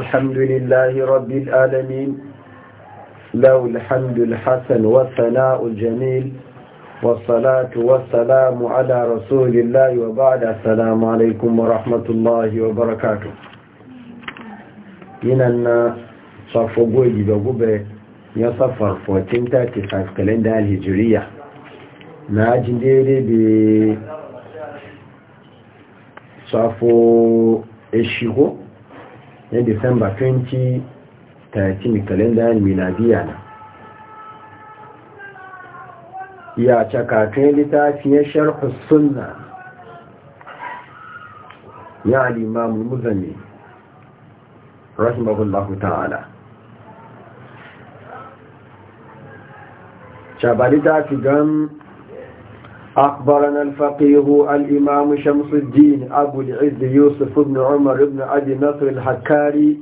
الحمد لله رب العالمين له الحمد الحسن والثناء الجميل والصلاة والسلام على رسول الله وبعد السلام عليكم ورحمة الله وبركاته من أن يننا صفوقوي بغوبة يصفر فوتين تاتي خاف 1435 كالندا الهجرية ناجن ديري ب صفو الشيخو na disamba 2013 kalendar miladiya na ya cakatun littafiyar sharhu sunna ya alimamun muzanni rahimahullahu ta'ala shabari ta fi gan أخبرنا الفقيه الإمام شمس الدين أبو العز يوسف بن عمر بن أبي نصر الحكاري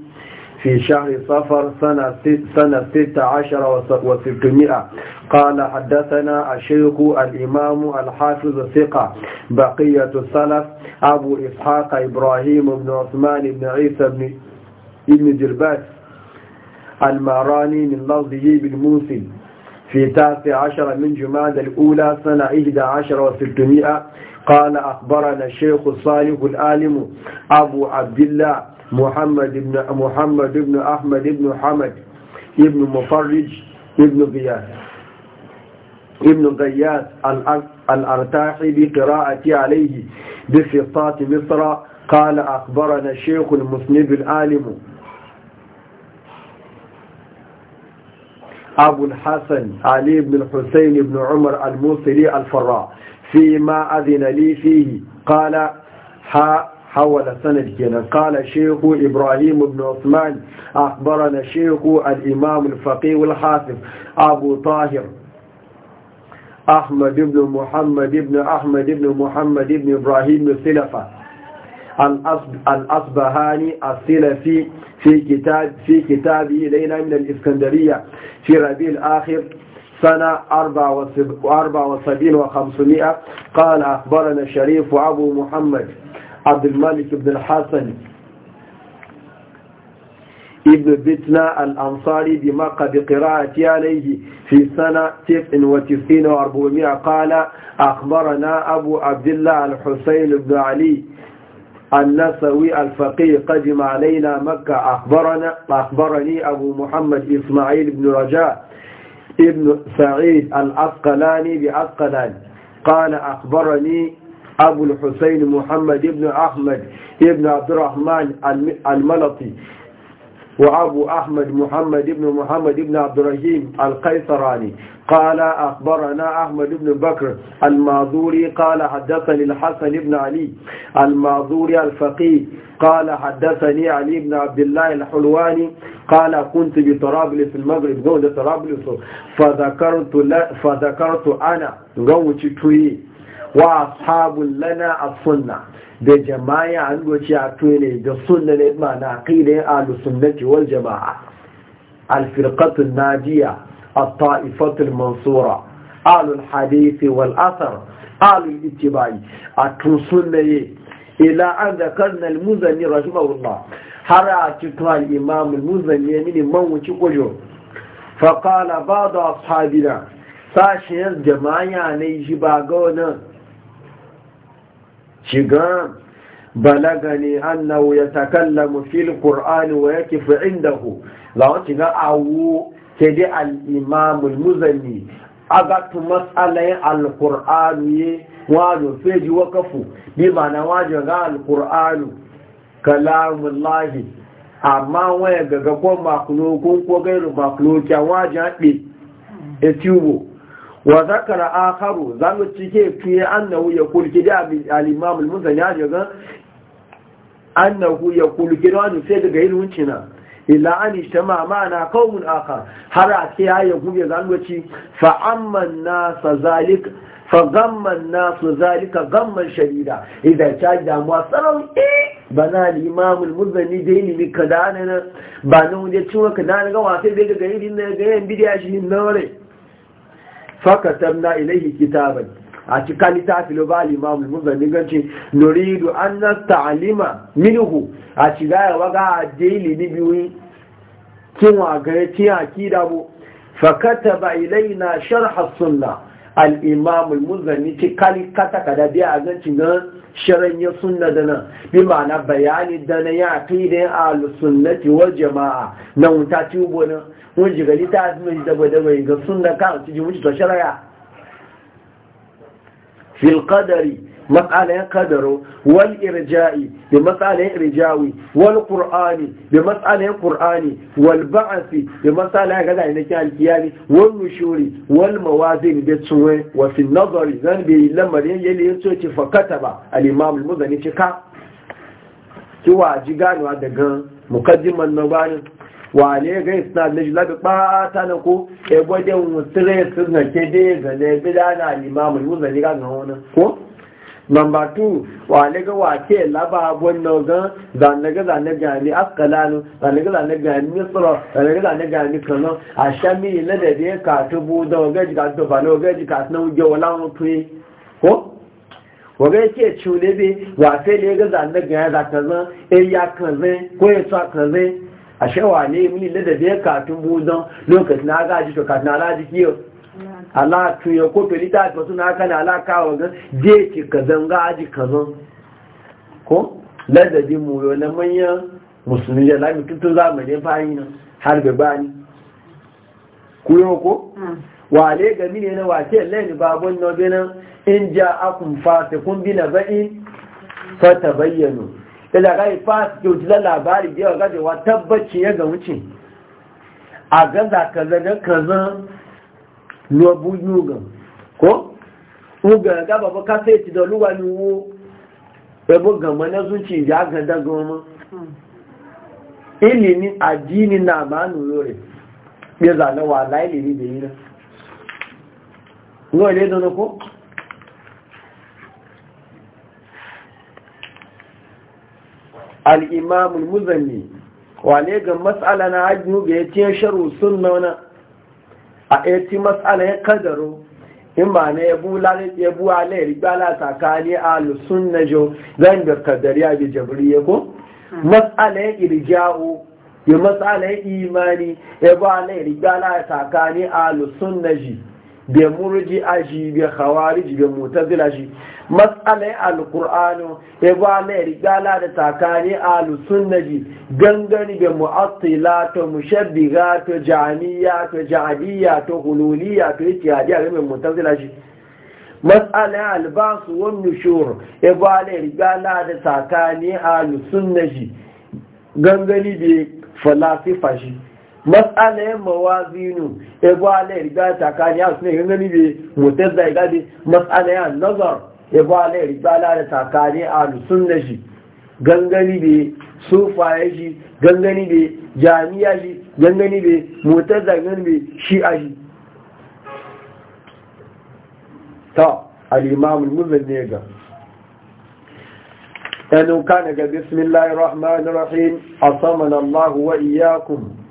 في شهر صفر سنة, ست سنة ستة عشر وستمائة قال حدثنا الشيخ الإمام الحافظ الثقة بقية السلف أبو إسحاق إبراهيم بن عثمان بن عيسى بن ابن جرباس المعراني من لفظه بالموسل في تاسع عشر من جماد الأولى سنة إحدى عشر وستمائة قال أخبرنا الشيخ الصالح العالم أبو عبد الله محمد بن محمد بن أحمد بن حمد ابن مفرج ابن غياث ابن غياث الأرتاحي بقراءة عليه بفطات مصر قال أخبرنا الشيخ المسند العالم أبو الحسن علي بن الحسين بن عمر الموصلي الفراء فيما أذن لي فيه قال ها حول سند كنا قال شيخ إبراهيم بن عثمان أخبرنا شيخ الإمام الفقيه الحاسب أبو طاهر أحمد بن محمد بن أحمد بن محمد بن إبراهيم السلفة الأصبهاني السلفي في كتاب في كتابه ليلى من الإسكندرية في ربيع الآخر سنة 74 و500 قال أخبرنا الشريف أبو محمد عبد الملك بن الحسن ابن بيتنا الأنصاري بمقى بقراءة عليه في سنة 99 و400 قال أخبرنا أبو عبد الله الحسين بن علي النسوي الفقيه قدم علينا مكة أخبرنا أخبرني أبو محمد إسماعيل بن رجاء ابن سعيد الأسقلاني بأسقلان قال أخبرني أبو الحسين محمد بن أحمد بن عبد الرحمن الملطي وأبو أحمد محمد بن محمد بن عبد الرحيم القيصراني قال أخبرنا أحمد بن بكر الماذوري قال حدثني الحسن بن علي الماذوري الفقيه قال حدثني علي بن عبد الله الحلواني قال كنت بطرابلس المغرب جوة طرابلس فذكرت, ل... فذكرت أنا جوة توي وأصحاب لنا السنة da jama'a an goci a tuwe da sunan ma na aqidan ahlus sunnati wal jama'a al firqatu najiya at ta'ifatu al mansura ahlul hadith wal athar ahlul ittiba'i atun ila an zakarna al muzanni rahimahullah har a cikin al imam al muzanni ne man wuci kojo fa qala ba'd ashabina sashin jama'a ne shi ba ga wannan shiga balaga ne annahu mu fil qur'ani wa yakifu indahu lawo ga awu ke dai al-imam al-muzanni aga tu mas'alai al-qur'ani ye wajo feji wakafu bi ma'ana wajo ga al-qur'ani kalamullahi amma waya gaga ko makulokun ko gairu makulokin wajen haɗe etubo wa zakara akharu zamu cike fiye annahu yaqul kida al-imam al-muzani ya ga annahu yaqul kida wani sai daga yin cina, illa an ishtama ma'ana qaumun akhar har a ce ya gube ci fa amman nas zalik fa gamman nas zalika gamman shadida idan ta damuwa sarau eh, bana al-imam al-muzani da ilimi kadana ba nan wuje ciwo kadana ga wasai daga ne na yan bidiya shi nan fakatabna ilaihi kitaban a cikin littafi lo ba al-imam muzani ganci nuridu an nasta'lima minhu a shiga ya waga daily ni biyu kin wa ga ti akida bu fakataba ilaina na as-sunnah al'imamul zani ce kali kata kada biya a zancin na shirin ya da nan, bi ma'ana bayani dana ya fi da ya alusunnati wa jama'a na wuta ci ubo na wani jigali ta azumi da mai ga sunna kan ci jimuci to shiraya fil matsalayen kadaro wal irja'i da matsalayen irjawi wal qur'ani da matsalayen qur'ani wal ba'asi da matsalayen gaza ne ke alkiyami wal nushuri wal mawazin da tsuwe wa fi nazari zan bi lamarin yele yaso ce fakata ba al imam al muzani ce ka ki wa ji ganuwa daga mukaddiman nabarin wa ne ga isnad ne labi bata na ko e gode mu tire sun ke de ga ne bidana al imam al muzani ga ga wannan ko Number two, wa ga wake laba abun nan ga zane zane gani askalanu, zane zane gani misra, zane ga gani kano, a shami na da da katu buda wa gaji katu da na wa gaji katu na wuge wala mutuwe. Ko? Wa ga yake bi ne ga gani za zan, eh, ya kan zai, ko ya sa kan zai. A shawa ne mini na da katu lokacin na gaji to katu na laji kiyo. Allah tuye ko pelita ta suna kana alaka wa ga je ki kazan ga aji kazan ko ladabi mu yau na manyan musulmi ya lami tutun zamanin fayi nan har be bani kuyo ko hmm. wale ga ne na wace lain babun no bena in ja fasa kun bi na ba'i fata bayyano ila ga fasiku da labari da ga wa tabbaci ya ga wuce a ga kazan kazan lu bu ko uga ga baba ka sai ti do lu wa ni wo na zu ci ja ga da go ma ili ni ajini na ba nu yo re be za na wa lai li ni be ni ngo le ko al imam al muzanni wa ne ga mas'ala na ajnu be ti sharu sunna wana a eti matsala ya kadaro in ba na ya buwa na ya a lusun na jo zan da bi da ya ko hmm. matsala ya irjawo ya matsala ya imani ya buwa na ya rigbala tsakani a lusun na ji Bi murji aji, bi khawarij bi mutazila ji mas'ala alquran ya e ba ne rigala da takani alusunna ji gangani bi mu'attila to mushabbiga to jamiya to jahiliya to hululiya to ittihadiya bi mutazila ji matsalai albas wa nushur ya e ba ne rigala da takani alusunna ji gangani bi falasifa ji yin mawazinu ebo ala riga takani a suna yin gani bai motar da matsala yin nazar ebo ala riga ala da takani a lusun da shi gangani bai sufaye shi gangani bai jami'a shi gangani bai motar da gani bai shi a shi ta al'imamun muzin ne ga أنه كان بسم الله الرحمن الرحيم أصمنا الله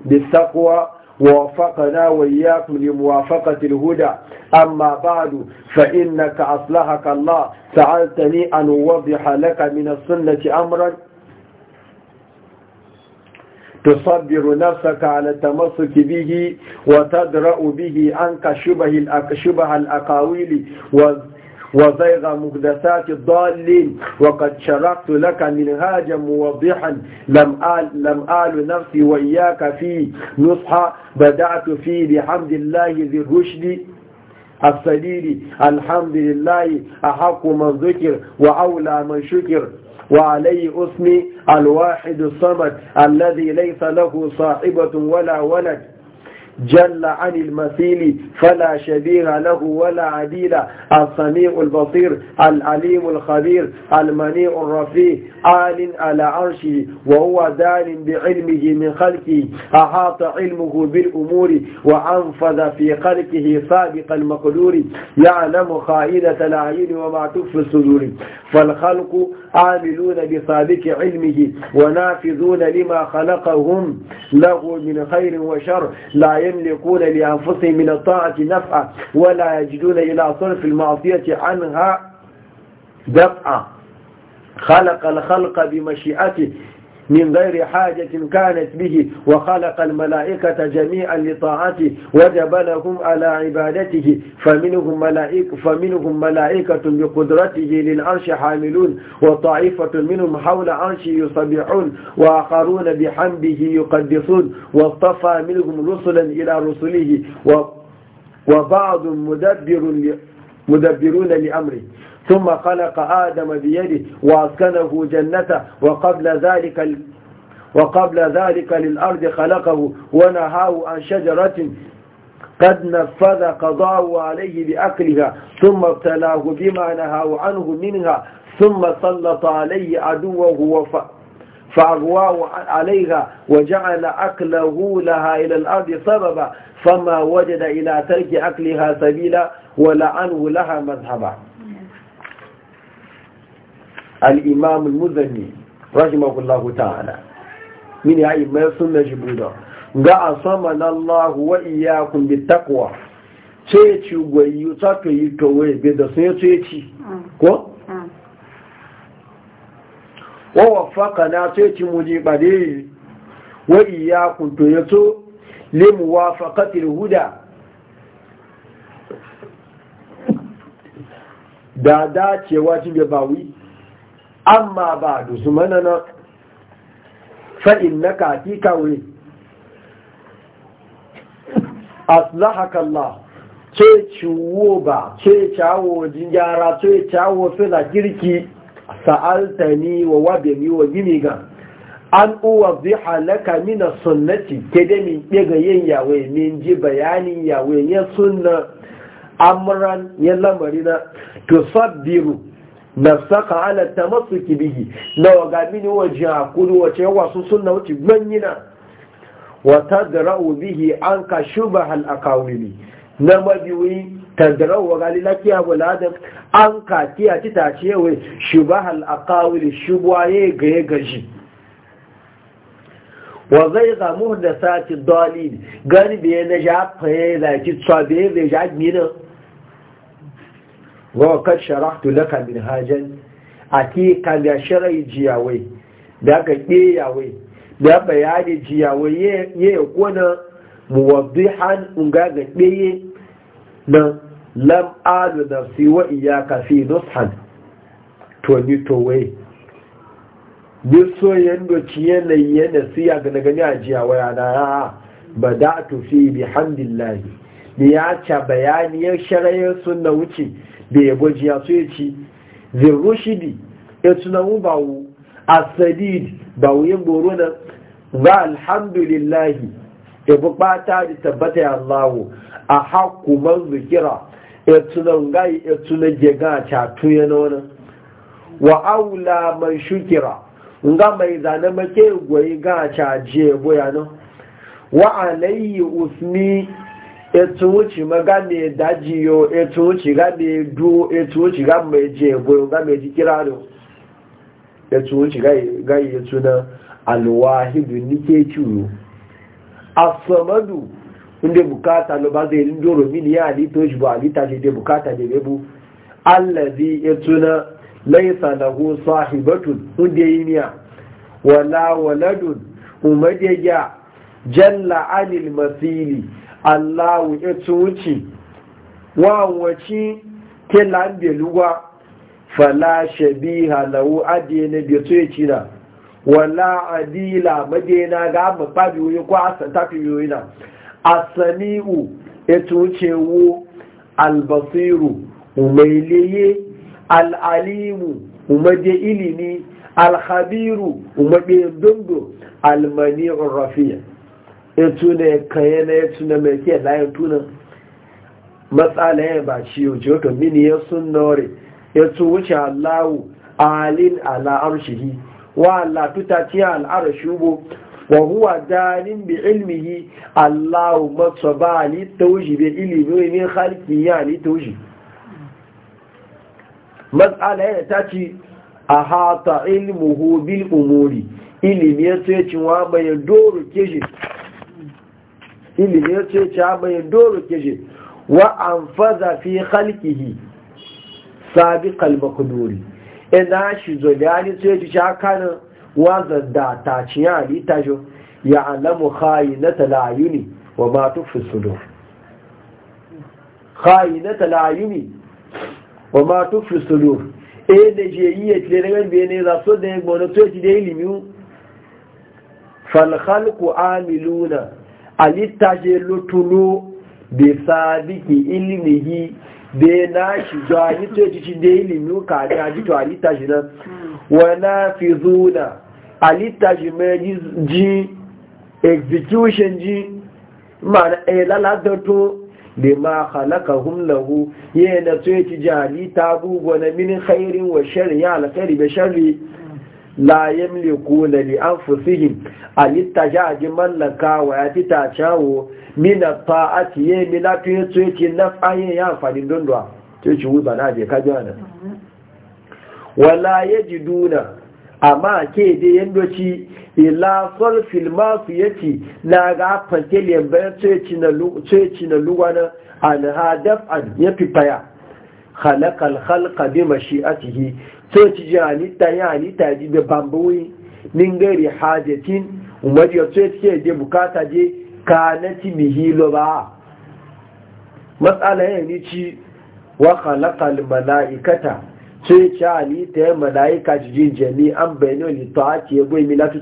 بالتقوى ووفقنا وإياكم لموافقة الهدى أما بعد فإنك أصلحك الله سألتني أن أوضح لك من السنة أمرا تصبر نفسك على التمسك به وتدرأ به عنك شبه الأقاويل وذلك وزيغ مقدسات الضالين وقد شرقت لك منهاجا موضحا لم آل, لم آل نفسي وإياك فيه نصحا بدأت فيه بحمد الله ذي الرشد السليل الحمد لله أحق من ذكر وأولى من شكر وعليه اسمي الواحد الصمد الذي ليس له صاحبة ولا ولد جل عن المثيل فلا شبيه له ولا عديل الصميع البصير العليم الخبير المنيع الرفيع آل على عرشه وهو دال بعلمه من خلقه أحاط علمه بالأمور وأنفذ في خلقه سابق المقدور يعلم خائدة العين وما تخفي الصدور فالخلق عاملون بسابق علمه ونافذون لما خلقهم له من خير وشر لا يملكون لأنفسهم من الطاعة نفعا ولا يجدون إلى صرف المعصية عنها دفعا خلق الخلق بمشيئته من غير حاجة كانت به وخلق الملائكة جميعا لطاعته وجب لهم على عبادته فمنهم ملائكة, فمنهم ملائكة بقدرته للعرش حاملون وطائفة منهم حول عرشه يصبحون وآخرون بحمده يقدسون واصطفى منهم رسلا إلى رسله وبعض مدبر مدبرون لأمره ثم خلق آدم بيده وأسكنه جنته وقبل ذلك وقبل ذلك للأرض خلقه ونهاه عن شجرة قد نفذ قضاءه عليه بأكلها ثم ابتلاه بما نهاه عنه منها ثم سلط عليه عدوه فأغواه عليها وجعل أكله لها إلى الأرض سببا فما وجد إلى ترك أكلها سبيلا ولعنه لها مذهبا al-imam al-muzanni rahimahullahu ta'ala min ya imma sunna jibuda ga na Allah wa iyyakum bittaqwa ce ci goyi ta to yi to we be da sun ce ci ko wa waffaqana ce ci mujibade wa iyyakum to yato limuwafaqati al-huda da dacewa ci da bawi amma ba da su manana fa'in na kaki kawai aslahakallah ce ciwo ba ce cawo gyara ce cawo suna kirki sa'altani wa ni wa gini ga an uwa zai halaka mina sunnati ke da min yin yawai min ji bayanin yawai ya sunna amuran, ya lamari na to sabbiru nafsaka ala masu bihi na waga mini waje hakuri wace wasu suna wuce gbanyina wa tadra'u bihi an ka shuba al na mabiwi tadra'u waga lilaki abu ladam an ka kiya ci ta ce wai shubha al aqawili shubwaye ya gaji wa zai da sati dalil gani be na ja fa da ki tsabe da ja gina wa kad sharahtu laka min hajan ati kan ya sharai jiyawai da ka kiyawai da bayani jiyawai ye kona muwaddihan unga ga kiye na lam alu nafsi wa iyyaka fi nushan to ni to wai Ni so yando ciye na yana siya ga gani a jiyawai ana bada'tu fi bihamdillahi ni ya ca bayaniyar sharayin sunna wuce da yabo jiya so ya ci zai rushidi ya tunawu ba wu a sadid ba wu yin goro na za alhamdulillahi ya bi bata da tabbata ya allahu a haku man zikira ya tunan gai ya tunan jega a catu ya nuna wa aula man shukira nga mai zane make goyi ga a caji ya boya wa alayyi usmi etu uchi dajiyo na yo etu uchi ga na-edu etu uchi ga meji egwe ga meji kirarị etu uchi ga yi e, e etu na alwahidu nike ciwo asamadu ndị bukata lo ba zai ndị oro mini ya alita oji bụ alita ji bukata da bebu allazi etu na laisa lahu sahibatun ndị yi niya wala waladun umadiyya jalla anil masili Allahu ya wuce, wa wace ke lambe luwa fala shabiha lahu adina bi ya cina, wala adila madina ga ba fabi ko asan tafi yoyi na asami'u ya wuce wu albasiru umailiye al'alimu umaje ilimi alhabiru umaje dondo almani'ur rafiya ya tuna kaye na ya tuna mai ke layan tuna matsala ya ba shi yau mini ya sun nore ya tun wuce allahu alin ala arshihi wa allah tuta tiya al'ar shubo wa huwa dalin bi ilmihi allahu matso ba ni taushi bi ilimi min halki ya ni matsala ya ta ci a hata ilmuhu bil umuri ilimi ya tsaye cinwa bayan doro keji ilimin ce ce mai doro kishi wa an faza fi halkihi sabi kalmakuduri ina shi zoliyani ce ce shakanin wazan da ta ya halitta shi ya alamu hayi na talayuni wa matu fusudu hayi na talayuni wa matu fusudu e da je yi ya cire daga biya ne za su da ya gbona to ya ci da ilimi falhalku amiluna alitaje lutulo da sabiki ilimihi da na shi jani to ci da ilimi ka da ji to na nan hmm. wa nafizuna alittaje mai ji execution ji ma'ana e laladato da ma halaka humlahu yana to ci alita ta gugwana min khairin wa shari'a alkhairi bi shari'a la yamliku la li anfusihim alittajaji mallaka wa ya fita cawo mina ta'ati ye mina tuye ti na nafaye ya amfani dondwa to ci wuba na je ka jana wala yajiduna amma ke da yandoci ila sulfil masu yace na ga fantele bayan tuye ci na luwana alhadaf an ya fifaya khalaqal khalqa bi mashi'atihi so ci ji halitta ya halitta ji da bambuwi nin gari hajjatin umar ya ce ce je bukata je ka na ci lo ba matsala ya ni ci wa khalaqal malaikata ce ci halitta yi malaika ji jin jami an bayyana ni to a ce goyi mi latu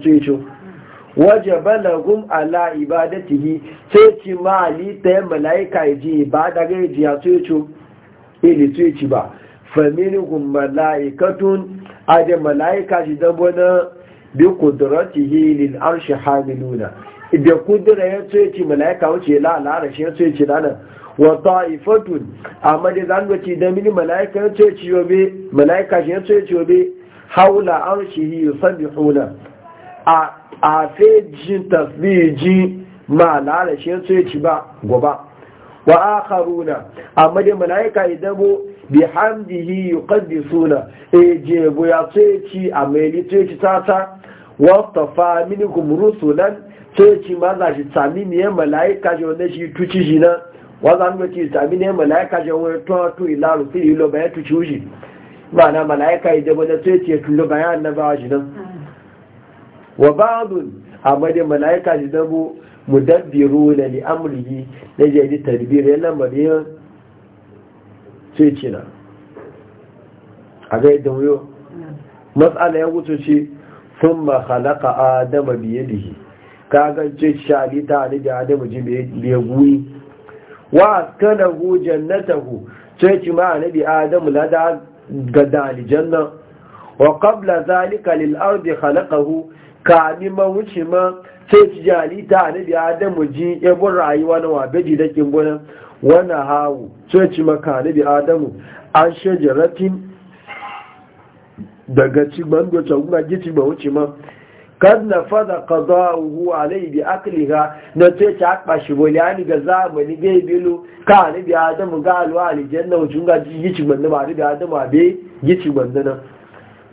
waje balagum ala ibadatihi ce ci ma halitta yi malaika ji ibada ga ji ya ce ili ci ba faminihun mala'ikatun a da mala'ika shi na wani bi kudurati hilin arshi hamiluna da kudura ya tsoye ce mala'ika wuce la'alara shi ya tsoye ce lanar wata ifatun amma da zan wace mini mala'ika ya tsoye yobe mala'ika shi ya tsoye yobe haula arshi hi yusabi hula a fejin tasbiji ma la'alara shi ya tsoye ba goba wa akharuna amma da mala'ika idabo Bi hamdihi yuqaddisuna eje eh, boya tsoci ameli tsoci tata tafa minkum rusulan tsoci maza za shi tsami ne malaika je wanda shi tuci shi na wazan ga ci tsami ne malaika je wanda to to ila rusi ilo baya tuci shi ma'ana malaika idan wanda tsoci ya tullo bayan ba shi nan wa ba'd amma dai malaika je dabo mudabbiruna li amrihi da je di tadbir ya lamarin ce na a ga yadda wuyo matsala ya wuce ce sun ma halaka adama biye da shi kagance shali ta ni da adamu ji biye guyi wa kana hu jannatahu sai ceci ma nabi adamu na da ga dali nan? wa kabla zalika lil halaka khalaqahu ka ni ma wuce ma ceci ci jali ta ni da adamu ji yabon rayuwa na wa bedi da kin wani hawu sai ci makani bi adamu an shajaratin daga cigban gocha kuma gici ba wuce ma kad na fada qada'uhu alayhi bi akliha na ce ta akpa shi boli ni ga zamani bai bilu ka ni bi adamu ga alwa aljanna wucin ga gici ban ba ni bi adamu be gici ban nan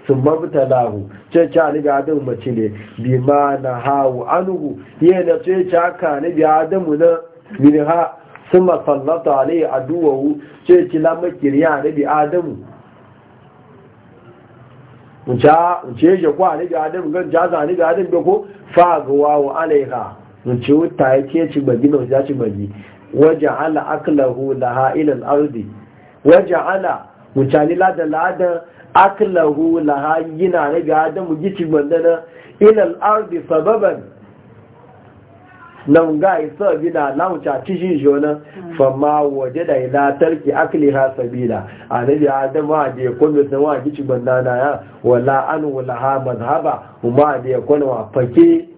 sun mabuta lahu ce ce ni bi adamu mace ne bi ma na hawu anhu yana ce ce ka ni bi adamu na min ha suma sallata alaihi aduwahu ce ci kila makiriya nabi adamu in ce ya kwa nabi adamu gan jaza nabi adamu da ko fagawa wa alaiha in ce wuta ya ce ci bagi na wajaci bagi waje ala aklahu da ilal ardi waje ala mutane lada lada aklahu laha yina nabi adamu gici gbandana ilal ardi sababan nan ga isa gida launca cikin jona hmm. fama waje da ila tarki akli ha sabila annabi adam wa da ya kundu sun wa gici bandana ya wala an wala ha mazhaba kuma da ya kundu wa fake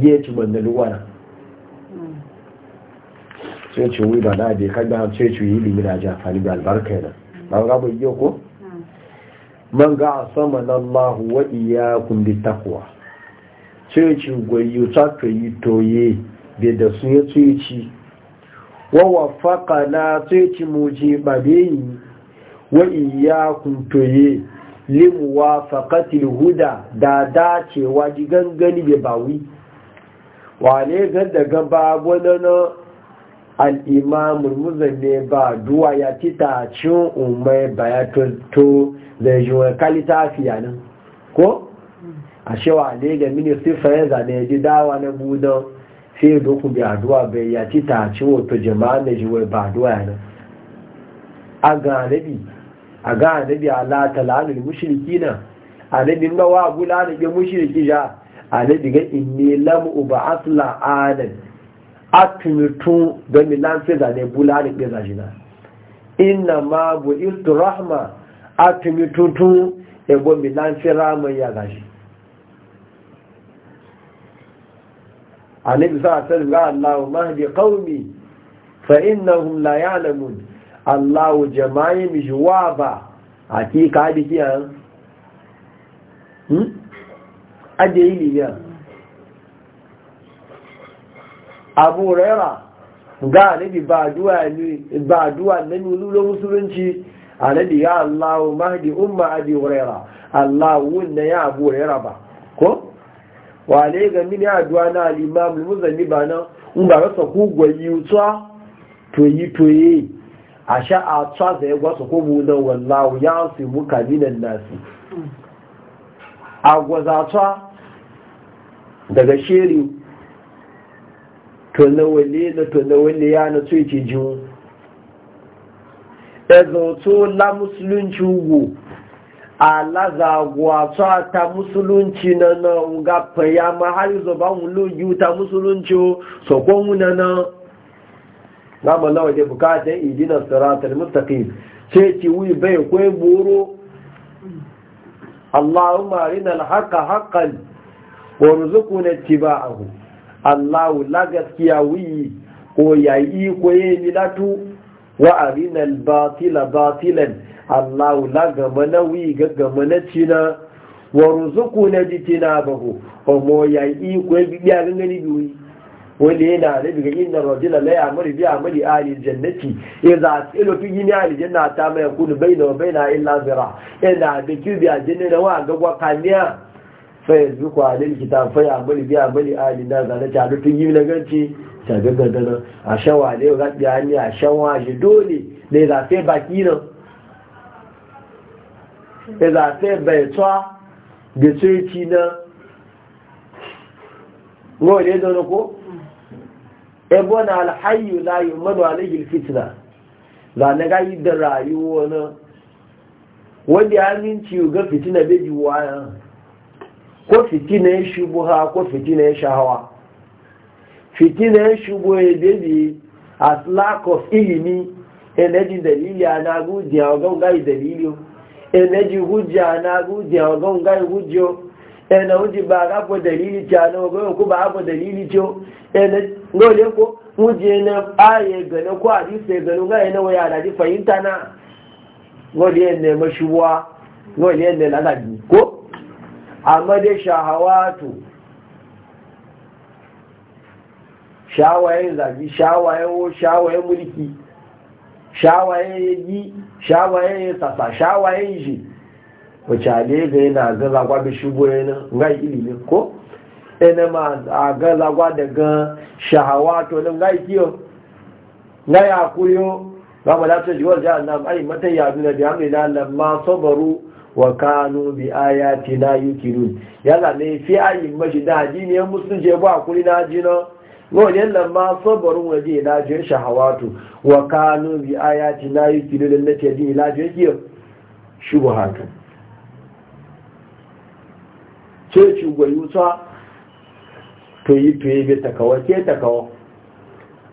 ye ci bandalu wana hmm. sai ci wi ba da bai kada sai ci yi da ja fani da albarka ne ba hmm. ga bu yi ko man ga sama na Allah wa iyyakum bi taqwa sai ci goyi ta yi toye bai da su ya tsoyici wa faƙa na tsoyici muji yi wa iya kuntoye limuwa faƙatil huda da dacewa ji gangani bai bawi wa ne gan daga babu na al'imamun muzanne ba duwa ya tita cin umar to da jiwon kalita fiye nan ko mm. a shewa ne ga ministry fayyar zane ji dawa na budan sai ya doku bi aduwa bai ya ci ta ci wato jama'a na ji wai ba aduwa ya nan a ga nabi a ga anabi ala talalul mushriki na nabi na wa gula da ke mushriki ja nabi ga inni lamu uba asla anan atunitu da milan fi zane bula da ke zaji na inna ma bu irtu rahma atunitu tun ebo milan fi rama ya zaji annabi sa sallam ga Allahu mahdi qaumi fa innahum la ya'lamun Allahu jama'i mi jawaba hakika bi kiya hmm ade ili ya Abu Hurairah ga annabi ba addu'a ni ba addu'a nan lulu musulunci annabi ya Allahu mahdi umma Abi Hurairah Allahu wunna ya Abu ba ko wale ga mini aduwa na alimamu muzanni ba nan in ba rasa hugwayi utsa toyi toye a sha a tsa da gwasa ko na wallahu ya su muka na nasi a gwazatsa daga shiri tonawale na tonawale ya na tsoye ce jiwu to la musulunci hugu alazagwa ta musulunci na nan nga ya ma har yi zoba wulu ta musulunci so kwanwu na na na malawa da bukatan idinar siratar mutakin sai ci wuyi bai kwai buru allahumma arina alhaqa haqqan warzuqna ittiba'ahu allahu la gaskiya wuyi ko yayi ko milatu wa arina batila batilan Allah la gama na wi ga gama na cina wa ruzuku na jitina bahu omo ya yi iko biya gangani biyu wanda yana da daga inda rajula la ya'muru bi amali ahli jannati idza ilo fi gini ahli janna ta mai kunu baina wa baina illa zira inda da kibi aljanna da wa ga gwa kaniya fa yazku alil kitab fa ya'muru bi amali ahli da zalata ta da yi na ganci ta ga gadana a shawa ne ga biya ni a shawa shi dole ne za sai baki nan ya zafe bai tsawa da tsoci na ruwa e ne da ko ebo na alhayu la yi manu alayhi fitna za na gayi da rayuwa na wanda ya minci ga fitina bai ji waya ko fitina ya shubuha ko fitina ya shahawa fitina ya shubuha ya bai as lack of ilimi energy dalili ana gudiya ga gayi dalili emeji hujja na hujja ogon gai hujjo ena uji ba dalili na ogon ba ko dalili jo ena ngole ko hujje na aye gane ko hadisi gane ga ena waya da di fahimta na ngole ne mashuwa ngole ne lalabi ko amma shahawatu mulki shawaye yi shawaye sasa shawaye ji wace alega yana gazagwa da shigo yana ga ilimi ko ina ma a ga gazagwa daga shahawa to nan ga kiyo na ya kuyo ga malata jiwar jihar nan ai matan ya duna bi hamdina lamma sabaru wa kanu bi na yukinun yana ne fi ayi mashi da addini musulunci ba kuri na ajinan wajen nan ma sabarin waje ilajiyar shahawatu wa kanu bi ayati na yi filin na ce jin ilajiyar kiyar shubuhatu ce ci gwayuta to yi to bi takawa ke takawa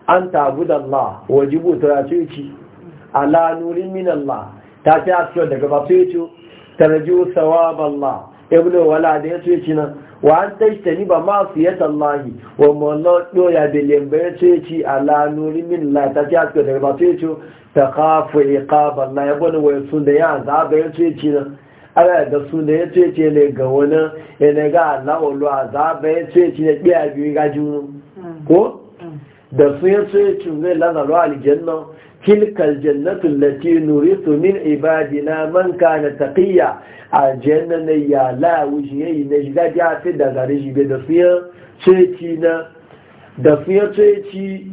an tabu da Allah wajibu ta ce ci ala nurin min Allah ta ce a cikin daga ba ce ci tarjiu sawab Allah ibnu wala da ya ce ci nan wa an tajtani ba ma su yata Allahi wa mawalla doya da lembayar ceci a lanuri min la ta ci aska daga ba ceci ta kafa iqaba la ya bani wani sun da ya zaba ya ceci na ala da sun da ya ceci ne ga wani ya ne ga Allah wallo a zaba ya ceci ne biya biyu ga junu mm. ko mm. da sun ya ceci ne lazaro aljanna tilkal jannatu allati nuritu min ibadina man kana taqiya aljanna ya la wujiyai na ga ja fi da gare shi da fiya ceci na da fiya ceci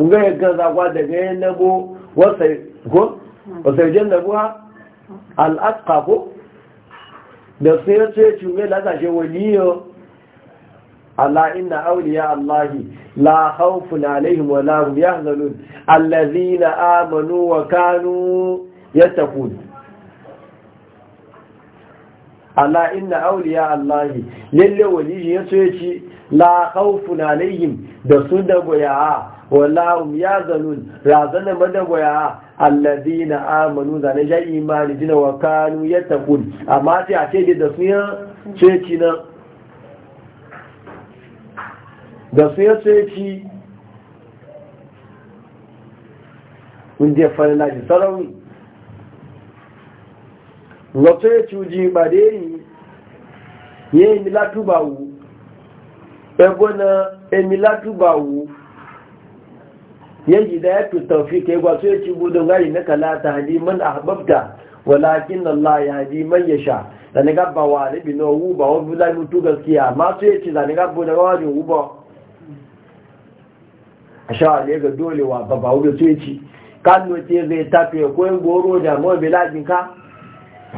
ngai ya za kwa daga yan nabo wasa ko wasa janna buha al asqa ko da fiya ceci unga la ga je waliyo Allah inna auliya Allahi la haufun alaihim wa la hum amanu wa kanu yattaqun Allah inna auliya Allahi lalle wali ya so yace la haufun alaihim da su da goyawa wa la razana ma da goyawa allazina amanu zane ja imani dina wa kanu yattaqun amma sai a ce da su ya ce ci na da su ya ce ci wunde falila ji sarauni lọ́tọ́ ya yi ìpàdé yìí yẹ́ èmì látúbàwò ẹgbọ́nà èmì látúbàwò yẹ́ jìdá ẹ̀tù tàfíkà ẹgbà tó ètò gbọ́dọ̀ gáyì mẹ́ka láta àdí mọ́n àbábta walakin Allah ya ji man yasha da ni gaba wa ribi na wuba wa bulai mutu gaskiya ma so ci da ni gaba da wu ba. a shawa ne ga dole wa ba wuda ce ci kano ce zai tafi ya koyin goro da mawa biladin ka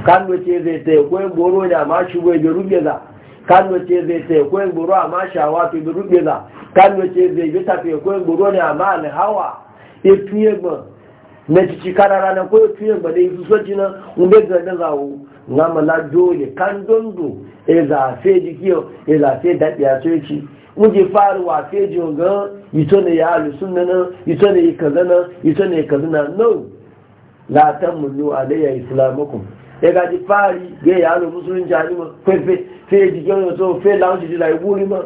kano ce zai ta ya koyin goro da ma shigo da rube za kano ce zai ta ya koyin goro a ma shawa to da rube za kano ce zai bi tafi ya koyin goro da ma alhawa ya e tuye ba na cici karara na koyin e tuye ba da yi su soci na umar ga da zawo ngama la dole kan dondo e za fe dikiyo e za fe da ya ci muje faruwa fe ga ito ne ya alu sunna na ito ne kaza na ito ne kaza na no la tamullu alayya islamukum e ga di fari ge ya alu musulunci ani ma fe fe fe dikiyo yo so fe la ji la iburi ma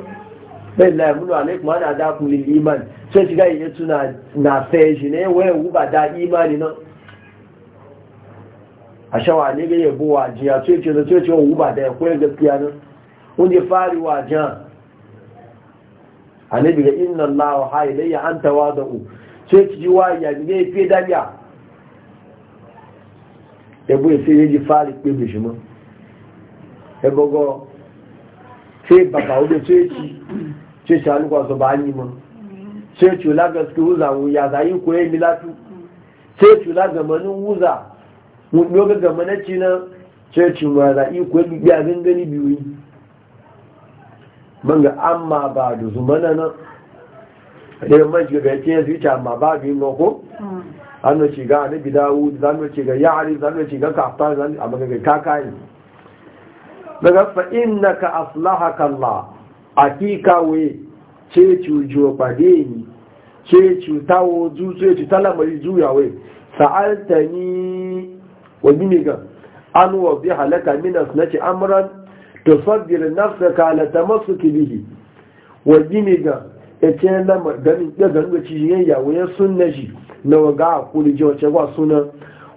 fe la mulu alaikum ana da ku lil iman so ti ga yi tuna na fe ji ne we u ba da imani na no. a shawa ne ga yabo wajiya sai ce da sai ce wa ba da ya koyar gaskiya nan wanda fari wajiya annabi ga inna allaha ha ilayya an tawadu sai ki ji wajiya ne fi dariya yabo sai ya ji fari pe bi shimo ebogo sai baba o de sai ci sai ta lukwa so ba ni mo sai ci la gaskiya uza ya zai koyar milatu sai ci la zamanin uza mutu ga gama na ci na cecin ba za iya kwallo biya gangani biyu man ga amma ba da zumana nan ɗaya man shiga ga yake yanzu ita amma ba biyu na ko hannu mm. ci ga anabi dawo zanen ci ga yari zanen ci ga kafa zanen a magaga kaka ne daga fa'in na ka aslaha kalla a kika we ce cujo kwade ni ce cutawo zu ce cuta lamari juyawe sa'alta ni wani ne ga an wa bi halaka minas na ce amuran to sabir nafsa ka alata masu kilihi wani ne ga e ya ce na maganin ya zanga ci yan yawo ya sunna shi na waga a kuri ji wace ba suna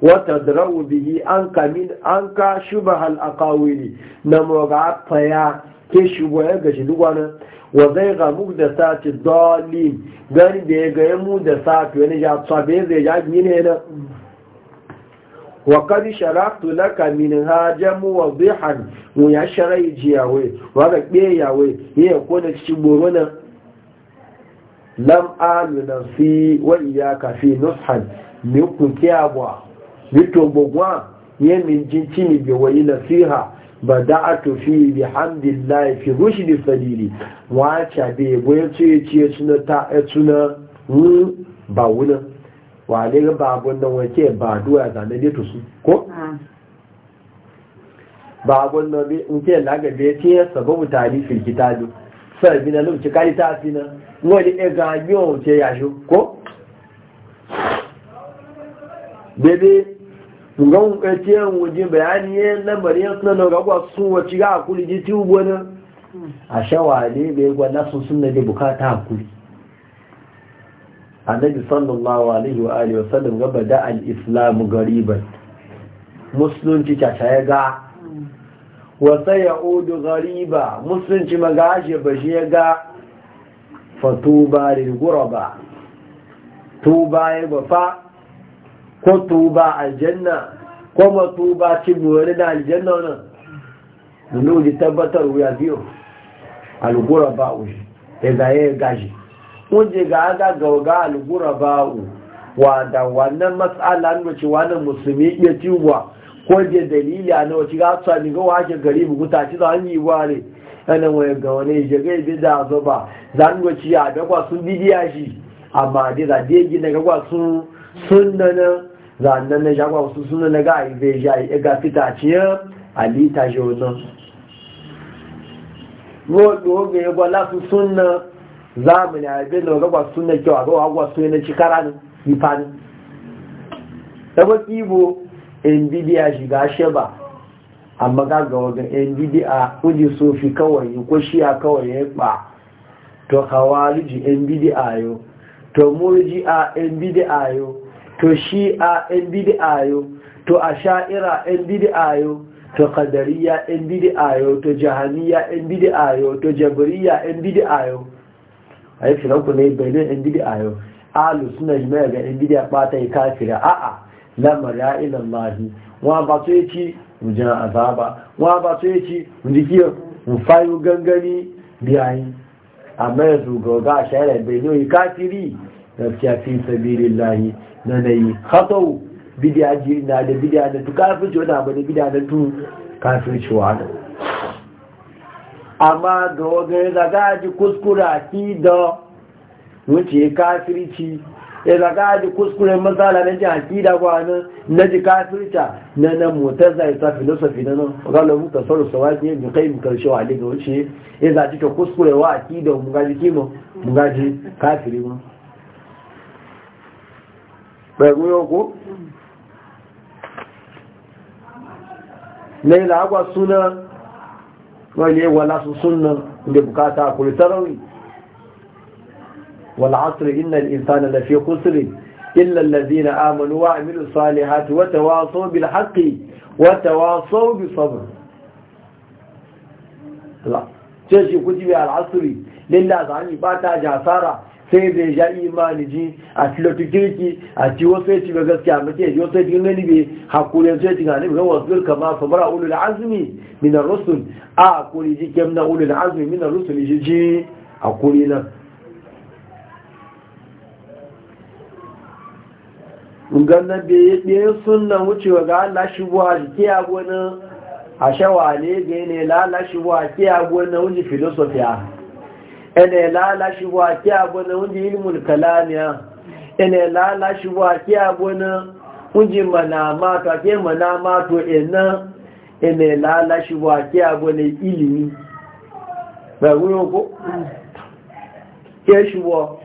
wata drawu bihi an ka min an ka shuba hal aqawili na waga faya ke shuba ya gashi duk wani wa zai ga mu da sati dalil gani da ya ga mu da sati wani ya tsabe zai ya gine na وقد شرحت لك من هاجم وضحا ويا شري جياوي وقد بيه هي يكون تشبورونا لم آل نفسي وإياك في نصحا نكون كيابوا ميتوبوا يمن جنتيني بيوي فيها بدأت في بحمد الله في رشد الفليل وعشا بي بيه ويتوي تيتنا تأتنا بونا wale ba abun nan wace ba duwa zane ne to su ko ba abun nan bi in ce laga be ce sababu talifin kitabu sai bi na lokaci kai ta fi na ngoli e ga yo wuce ya shu ko bebe ngon ka ce wujin bayani ne lamarin sunan ga kwa sun wace ga akuli ji ti ubona hmm. a shawale be gwa nasu sunna da bukata hakuri. annabi sallallahu alaihi wa alihi wa sallam ga bada al-islam gariban musulunci ta ta ga wa sayaudu gariba musulunci magaje ba shi ga fatuba lil ghuraba tuba ya bafa ko tuba aljanna ko ma tuba ci buwari da aljanna nan. nuna tabbatar wuya biyo. al-ghuraba uji ya gaji. kunje ga aga gauga algura ba'u wa da wannan matsala ne ce wannan musulmi ya tiwa ko je dalili ana wace ga tsaya ni ga wace gari mu guta ci zan yi wa ne ana waye ga wani je ga bi da zo ba zan go ci ya da kwa sun bidiya shi amma dai da dai gina ga kwa sun sunnana zannan na jagwa su sunnana ga ai bai ja ai ga fitaciya ali ta jono wo do ga yoba la sunnana zamani a yabe da gaba suna kyau a gaba agwa suna na cikara ne ifani ta ba kibo nvidia shiga sheba amma ga ga wajen nvidia kuje sofi kawai ko shiya kawai ya ba to kawariji nvidia yo to murji a nvidia yo to shi a nvidia yo to a sha'ira nvidia yo to qadariya nvidia yo to jahaniya nvidia yo to jabriya nvidia yo a yi shiraku ne bai zai yan bidi'a yau alu suna ji mai ga yan bidi'a bata yi kafira a'a lamar ya ila mahi wa ba su yi ci mu azaba wa ba su yi ci mu ji fayu gangani biyayi a ya zuga ga a shayar bai zai yi kafiri gaskiya fi sabirin lahi na na yi hatau bidi'a na da bidi'a na tu kafirci wani abu da tu na tu da wani amma ga wajen zaga ji kuskura ki da wuce kafirci ya e zaga ji kuskure matsala na ji haki da gwanin na ji kafirta na nan motar zai ta filosofi na nan galo muka sauran sawa ne mu kai mu karshe wa daga wuce ya e zaji ta kuskure wa haki da mu gaji kima mu gaji kafiri ma bai goyo ko Laila agwa suna ولي ولا سنة لبكاتا كل تروي والعصر إن الإنسان لفي خسر إلا الذين آمنوا وعملوا الصالحات وتواصوا بالحق وتواصوا بالصبر. لا تشي كتبي العصر لله عني باتا جاسارا sai zai ja imani ji a tilatu kirki a ci wasu ya ci gaskiya mace ya ji wasu ya ci gani hakuri ya ci gani bai wasu zirka ma su mara ulul azumi min rusul a hakuri ji kem na ulul azumi min rusul ji ji hakuri nan ganna bai ɗaya sunna wucewa ga Allah shi buwa ke a gona a shawale ga ne lalashi buwa ke a gona wuce filosofiya ene lalashi wa ki abona wunji ilmul kalamiya ene lalashi wa ki abona wunji manama to ke manama to ina ene lalashi wa ki abona ilimi ba wuro ko ke shuwa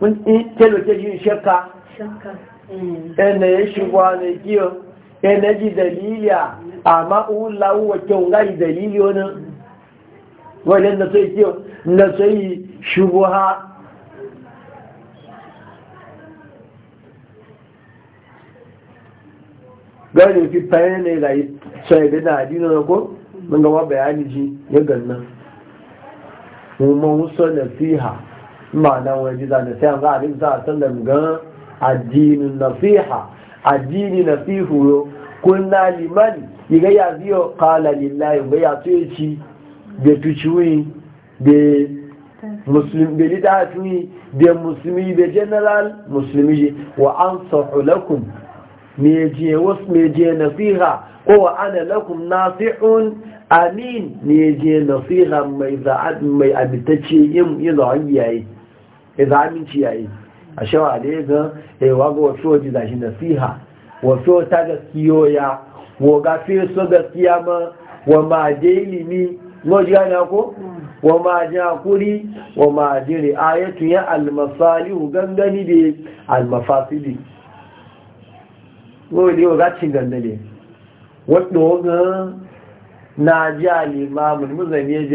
mun kelo ke yin shakka shakka ene shuwa ne kiyo ene ji dalila amma ulahu wa kyau ga dalili wajen da sai kiyo na sai shubuha gani fi fayar ne ga yi sai da na adina na ko mun gaba bayani ji ya ganna kuma wusa nasiha ma'ana wani jiza za na sai an abin za a sallam gan addinin nasiha addini nasihu yo kunna Limani, yi gaya ziyo, biyo kala lillahi ya tuye ci da tuciwi da musulmi da lidafi da musulmi da general musulmi wa an lakum meje wasu meje nasiha ko wa ana lakum nasi'un amin meje nasiha mai za'ad mai abitacce yin zawangi yayi idan aminci yayi a shawa da ya ga yawa eh, ga wasu waje da shi nasiha wasu ta gaskiyoya wa gafe su gaskiya ma wa ma dailimi lọ́jí ya ko wa ma kuri wa ma jire ayatu ya almasalihu gangani da almafasili lọ́wọ́ ilé ọgá cin gandale wadda ogan na ji alimamun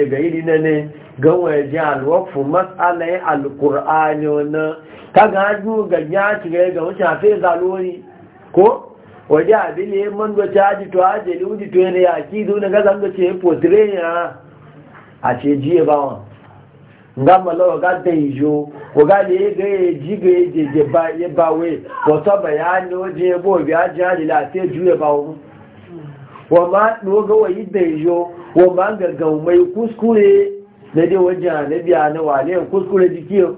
ga iri na ne alwafu matsalayin alkur'ani wannan ta ga hajji ga wuce ko waje abin ne man da ta haji to haji ne wuji to yana yaki zo na gaza ga ce potire ya a ce jiye ba wa nga malawa ga da yijo ko ga ne ga ji ga je je ba ye ba we ko ya bayani waje bo bi haji haji la sai juye ba wa wa ma no ga yi da yijo wa ma ga ga mai kuskure da dai waje na biya na wale kuskure dikiyo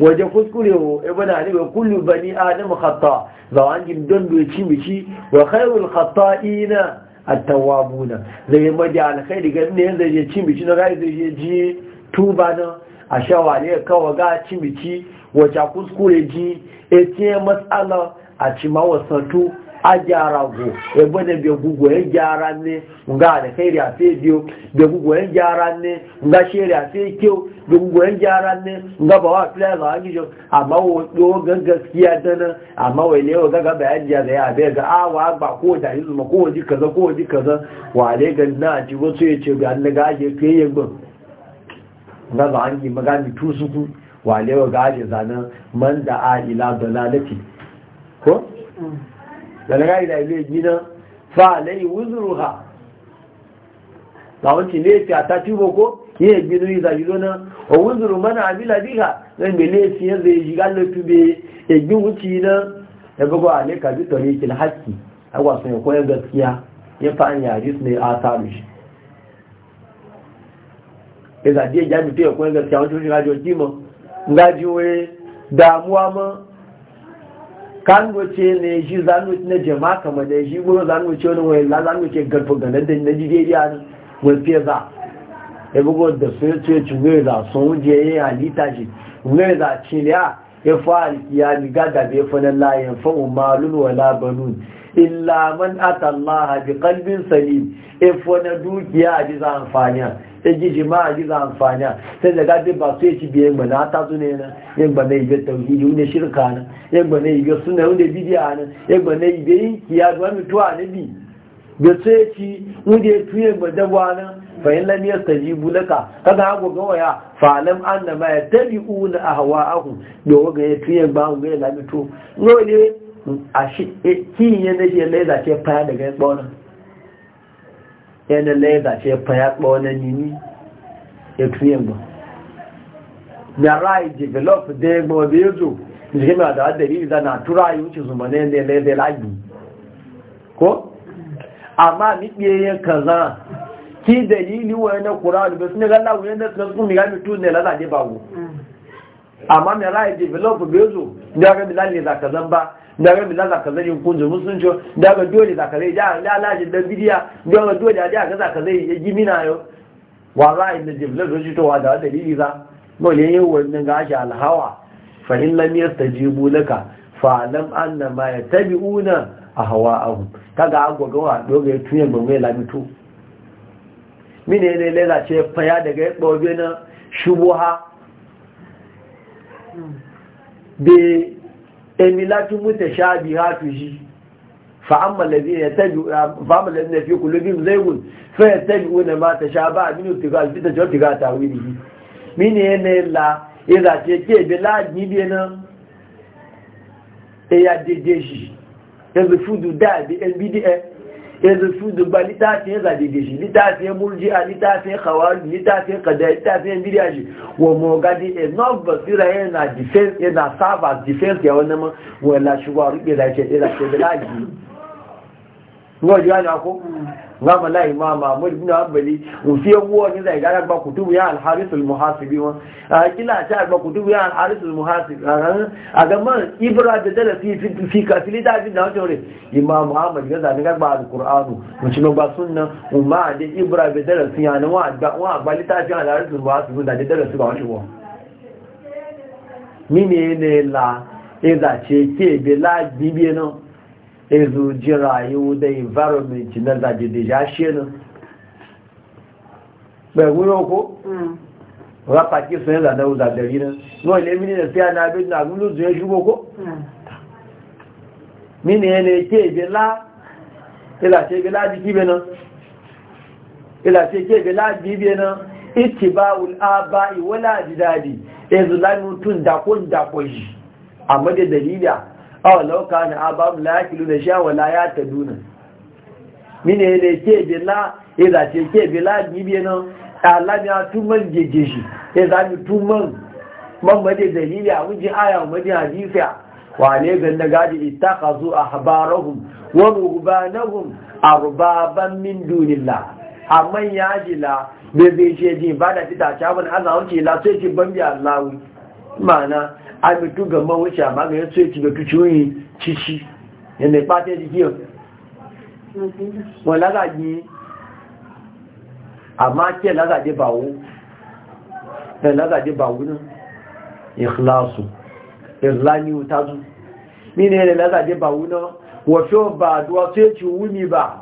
waje kuskurewo ibn adam kullu bani adam khata ba wani don mi ci wa khairul khata'ina at-tawwabuna zai maji alkhairi ga ne zai je ci na rai zai je ji tuba na a shawale kawa ga cimici wace kuskure ji etiye mas'ala a ma wasatu Ajara go ebe ne bai gugu gyara e ne nga ne kai da sai biyo bai e gyara ne nga shi ase sai kyau bai gyara ne nga ba wa filaye ba wani jin Ama wo do gaga ta nan ama wo ne wa gaga ba ajia da a bai ga awa agba ko da yi zuma ko ji kaza ko ji kaza wa le ga na ji wasu ya ce ga na gaje kai ya gbin nga ba an yi magani tusuku wa ne ga gaje zanan man da a ila dalalati ko mm. daga ila ile gina fa lai wuzruha lawon ti ne ta ta tubo ko ye gbiru iza zo na o wuzuru mana abila biha na mele ti ye ze jiga lo tube e gbin wuti na e bugo ale ka bi tori kil hakki agwa sun ko ye gaskiya ya fa an ya jis ne a ta mi e za die ja mi te gaskiya o tu jiga jo timo damuwa ma. kango ce ne shi zanu na jama kama da shi goro zanu ce wani wai la zanu ce garfa ga da na jide ya ne wafiya za ya e bugo da su ya ce ci gwe za sun wuce ya yi halitta shi gwe za ce ne ya fa ya ni gada bai fa na layin fa umarun wala banun illa man ata Allah bi qalbin salim if na dukiya a ji za amfaniya ya ji jima'a a ji za amfaniya sai da gadi ba su yi biye ba na ta su ne na yan ba na ibe tauhidi wani shirka na yan ba na ibe suna wani bidiya na yan ba na ibe yin kiya ga mutuwa na bi da su ci wani ya tuye ba dabwa na fa'in lam yastajibu laka kaga hagu ga waya fa lam a yattabi'una ahwa'ahum do ga ya tuye ba ga ya lamito ne kí yẹn lè ṣe lẹ́ẹ̀dà ṣe pàyà dẹ̀gẹ́ pọ́nà ẹni lẹ́ẹ̀dà ṣe pàyà pọ́nà ní ní ẹ̀kí ẹ̀gbọ̀n yàrá ìdìvelop dẹ́gbọ̀n ọdún yóò jẹ́ mẹ́ta àdẹ̀rí ìdáná àtúrà da ti zùmọ̀ ní ẹni lẹ́ẹ̀dẹ̀ láàgbì kó àmà nípe ẹyẹn kan náà kí dẹ̀lílì wọ ẹni kùrá olùgbé sínú ẹgbẹ́ láwùjọ ẹni tó fún mi láti tún ní ẹ̀lá àmà mẹ́ra ìdìvelop bẹ́ẹ̀ zò ní ọgbẹ́ mi láti ìdàkàzán ba. da ga bila zaka zai musun jo da ga dole zaka zai da lalaji da bidiya da ga dole da ga zaka zai ya gimina yo wallahi da jibla da to wa da dalili za ne yayin wannan gashi alhawa fa in lam yastajibu laka fa lam anna ma yatabi'una ahwa'ahum kaga ga wa doga ya tuye mai lamitu mine ne la ce ya daga ya tsobe na shubuha hmm. be emilatu muta shabi hatu shi fa’amma da zai fi kulu biyu zai wun fa ya taji wuna ma ta sha ba a biyu ta gali ta jauti ga ta wuri shi mini ya na yin la ya zace ke bi laji biya nan ya yi adeje shi yanzu fudu da bi nbda e. yanzu su dubba littafin zadege shi littafin a littafin khawarij littafin kada littafin bidiya shi wa mogadi enough basira yana defense yana serve as defense ya wannan wala shugaba da da ke wọ́n yóò yá kó gama láì máa máa mọ́ ìbínú àbẹ̀lẹ̀ òfin owó ní ìdára gba kùtùbù yá alharisul muhasibi wọn àkílà àti àgbà kùtùbù yá alharisul muhasibi àrán àgbàmọ́ ibra jẹjẹrẹ fi kàfilé dájú náà jọ rẹ̀ ìmá muhammad al ní gbà alukur'anu òṣìlọ́gbà súnna ọmọ àdé ibra jẹjẹrẹ fi hàn wọn àgbà lítàjú alharisul muhasibi dàdé dẹrẹ sí bàwọn ṣùgbọ́n mí ni ilẹ̀ ìlà ìzàṣe kéèbè láàgbígbé náà ezu jira rayu da environment na zaje da ya shi nan bai wuro ko rapa mm. ki sun yana da wuza dari nan no ile mini da fiya na abin na gulu zuwa shugo ko mm. mini ne ke bi la ila ce bi la jiki bi nan ila ce ke bi la jiki bi nan ittiba'ul aba'i wala jidadi ezu lanu tun da kun da kun amma da dalila aw babu kana abam la yakiluna sha ya la duna mine ne ke bila ida ce ke bila gibe no Allah ya tuman gegeshi e za mu e tuman man made dalili a mujin aya mujin hadisi wa ne ganda gadi ittaqazu ahbarahum wa a arbaban min dunillah A manya jila be ce je ji ba da fita chabun azawun ce la sai ki bambi Allahu ma'ana a mitu gama wuce a maganin su ci betu ciwoyi cici yadda ya fata jiki yau wọn lagaji a ma ke lagaji bawo da lagaji bawo nan ikhlasu islami zu. mini ne lagaji bawo nan wato ba duwa su ci wumi ba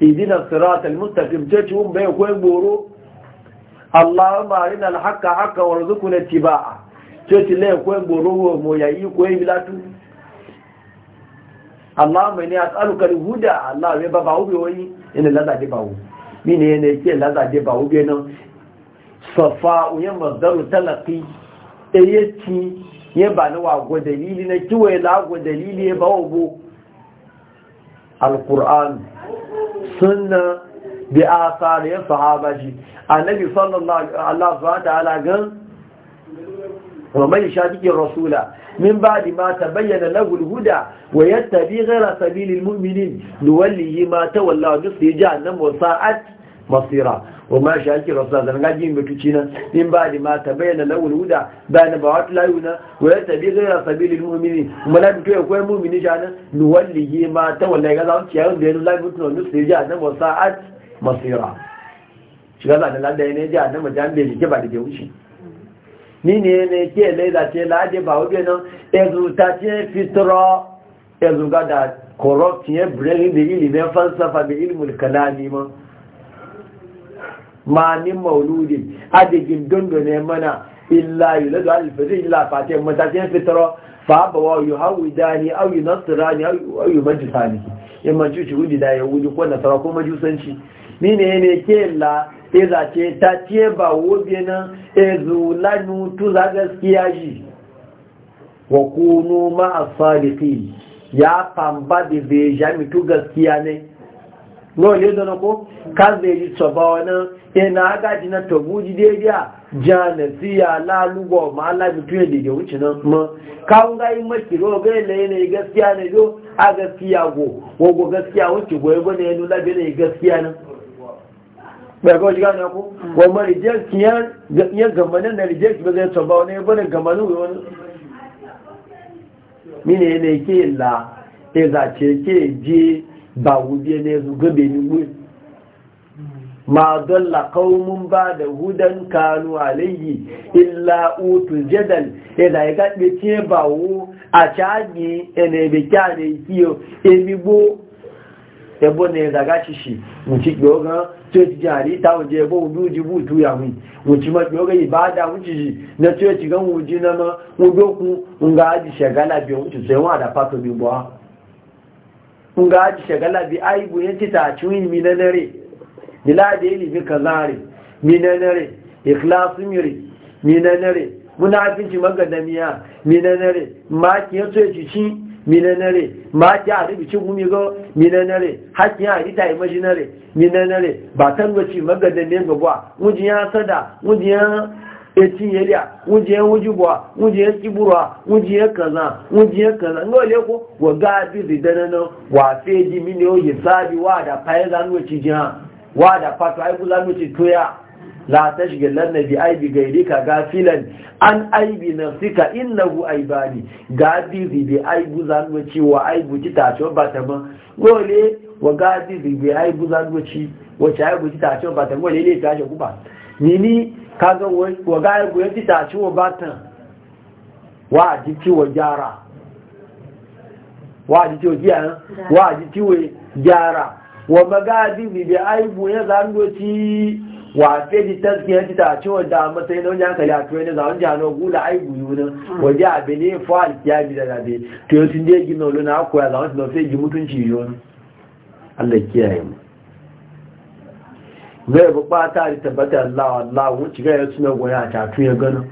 idina sirata al-mustaqim ce ci wumi bai kwai goro Allahumma arina al-haqqa haqqa warzuqna ittiba'ah tí ó ti lẹ́ẹ̀kọ́ ìgbòrówó mọ̀yà yìí kó èyí látú aláàmì ni alùkàrí húdà aláàrẹ bàbá ó wọ́n yí ẹni ládàdé bàwó mí ni ẹni tí ẹ bàwó bí ẹná sọ̀fà òyìn mọ̀dọ́rù tẹ́lẹ̀kí eye ti yẹn bà ní ní kí wọ́n là sunna bi asari sahaba kuma mai shafikin rasula min ba di mata bayyana na gulhuda wa yadda bi gara sabilin mu'minin duwalli yi mata walla wa duk sai ji annan musa'at masira wa mai shafikin rasula zan gaji yin mutuci min ba di mata bayyana na gulhuda ba wata layu na wa yadda bi gara sabilin mu'minin kuma na fito ya koyar mu'mini ji annan duwalli yi mata walla ya wuce yawon da ya zai mutu na duk sai ji annan musa'at masira shi gaza da lalda ya ne ji annan mutu ya ba da ke wuce nínú ẹni ẹ ẹ̀lẹ́ ìdàtí ó bàwọ́gbé náà ẹ̀zùn ẹ fi tọrọ ẹ̀zùn gádà kọ̀rọ̀ tí ẹ bẹ̀rẹ̀ bí ilì mẹ́ sáfà bí ilmù kàlá ní mọ́ ma ní mauludi adìgin dondo ne mana illa yuladu alifasi ẹ fi ko nasara ko mine ne ke la iza ce ta ce ba wobe nan ezu lanu tuza gaskiya shi wa kunu ma asaliqi ya pamba de veja mi tu gaskiya ne no le don ko ka ze ji so ba wana e na ga ji na to buji de dia jana siya la lugo ma la mi tu e de jo chi nan ma ka nga yi ma kiro ga le ne gaskiya ne jo a gaskiya go wo go gaskiya wo ki go e go ne lu la be ne gaskiya ne ɓarga wajen gane ku mm. wamma rijiyarci ya gamanin na rijiyarci ba zai tamba wani yabo da gamanin wani mine ne ke la ya e zace ke je ba wuje ne su gabe ni wuri ma dalla kaumun ba da hudan kanu alayyi illa utu jadal e ya da ya gaɗe ce ba wu a caji ya e ne bi kyane kiyo ya bi bo ẹbọ́ ní ẹ̀dàgá ṣìṣì mù ti gbọ́ gan tí ó ti jẹ́ àrí ìtàwọn jẹ́ ẹbọ́ ojú ojú bú ìtú ìyàwó mù ti mọ́ gbé ọgán bá dá wù jìjì ní tí ó ti gán mú jí náà mọ́ gbé okun nga tuntun ẹ̀wọ̀n àdàpá bọ́ áìbù yẹn títà àti mi níláàdé ìlì mi kan mi ìkíláàsì mi mi minanare ma ki a rubi cin gumi go minanare hakin a rita mashinare minanare ba kan wace magadan ne ga gwa wujin ya sada wujin ya eti yeliya wujin ya wujibwa wujin ya tsiburwa wujin ya kaza wujin ya kaza ngo wale ko wa ga bi zidana no wa feji mini o sabi wa da fayaza nwo ci jiha wa da fatu ayi kula nwo ci toya la tashghalan bi aibi gairika gafilan an aibi nafsika innahu aibani gadi bi aibu zanwa wuci wa aibu ci ta ce ba ta ba gole wa gadi bi aibu zanwa wuci wa ci aibu ci ta ce ba ta gole le ta ce kuba ni ni ga wa ga aibu ya ci ta ce wa ba ta wa ji ci wa jara wa ji ci wa jiya wa ji ci wa jara wa magadi bi aibu ya zan wuci wafe ji taskiyar ci ta ciwon da matsayi na wajen hankali a turai na zaun jano gula ai guyu na waje a bene fa ya bi da rabe to yau tun gina wani na akwai zaun su lafe gi mutunci yi wani allah kiyaye mu zai bukata da tabbata allah allah wuce ga gaya suna goya a tatu ya gana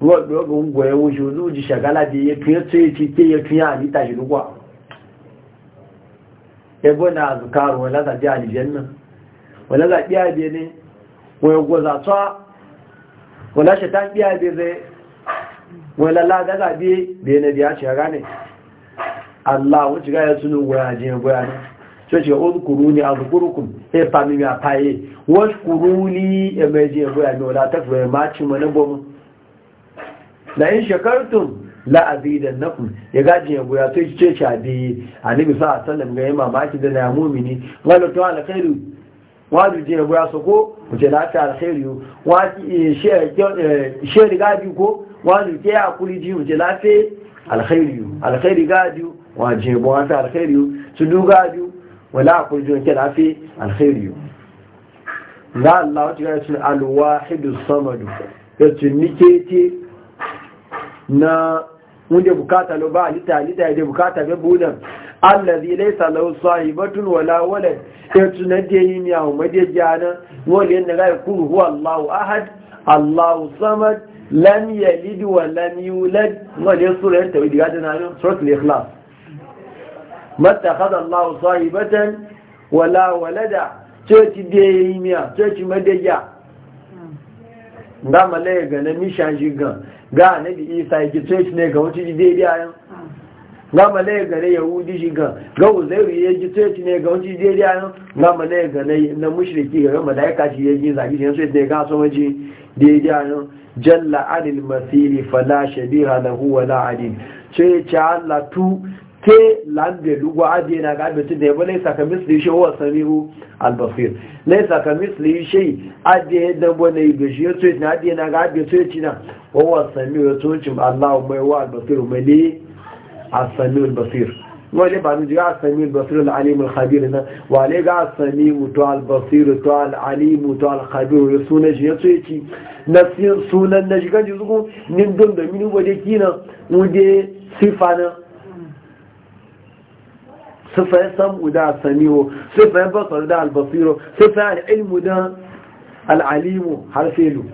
goya wuzu ji shagala ya tuya ci ke ya tuya a lita shi dukwa ebo na azukaru wala ta alijan nan wala za biya be ne wala goza tsa wala shaitan biya be zai wala la da za be be ne biya shi gane Allah wuce ga ya sunu waya je waya ne so ce uzkuruni e e ne a pami mi apaye ya e meje waya ne Wani ta fuwe ma ci mana bom la in shakartum la azidan nakum ya gaji ya goya sai ce ce abi annabi sa sallam ga yamma maki da na mu'mini wala to ala khairu wọ́n jẹ́ ìwé aṣọ kó òjèlá àti àṣẹ́rì o wọ́n ṣe rígájú kó wọ́n lù jẹ́ àkúríjì òjèlá àti àṣẹ́rì o àṣẹ́rì gájú wọ́n jẹ́ ìbọn àti àṣẹ́rì o tùdú wọ́n láàkúríjì òjèlá àti o wanda bukata lo ba lita lita de bukata be budan allazi laysa lahu sahibatun wala walad ya tunade yin ya mu da jana wala ne ga ku huwa allah ahad allah samad lam yalid wa lam yulad wala ya sura wi gadan da sura al ikhlas mata khada allah sahibatan wala walada ce ti de yin ya ce ti madaja ngama le ga na mishan jigan ga annabi isa yake church ne ga wuce daidai ayan ga male gare yahudi shi ga ga uzairu ya ji church ne ga wuce daidai ayan ga male gare na mushriki ga malaika shi ya ji zaki sai ne ga so waje daidai ayan jalla anil masiri fala shabiha lahu wala adil sai cha Allah tu ke lande dugo aje na gabe tu da bane saka misli shi huwa samiu albasir lai saka misli shi aje da bane gashi ya tsoye na aje na ga gabe tsoye cina huwa samiu ya tsoye cin Allah mai wa albasir mai ne a samiu albasir wale ba nuji ga samiu albasir al-alim al-khabir na wale ga samiu to albasir to al-alim to al-khabir sunan shi ya tsoye ci na sunan na shi ga ji zuku nin don da minu waje kina mu je sifana sifayen sam'u da sami'o sifayen basar da albasiro sifayen ilmu da al'alimu har felu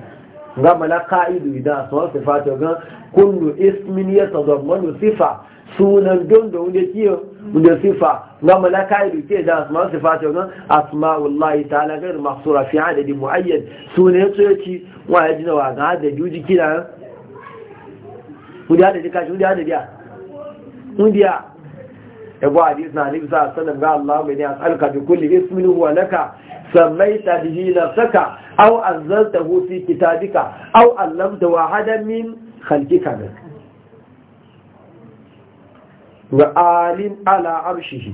ga malaka idu da suwar sifata ga kullu ismin ya tazammanu sifa sunan don da wunde kiyo wunde sifa ga malaka ka'idu ke da suwar sifata ga asma'ullahi ta'ala gairu maksura fi adadi mu'ayyan sunan tsoyaci wa ya jina wa ga adadi uji kira wunde adadi kashi wunde adadi a wunde a ebo hadith na nifsa sallam ga Allah mai ya salka bi kulli ismin huwa laka samaita bihi nafsaka aw anzaltahu fi kitabika aw allamta wahada min khalqika wa alim ala arshihi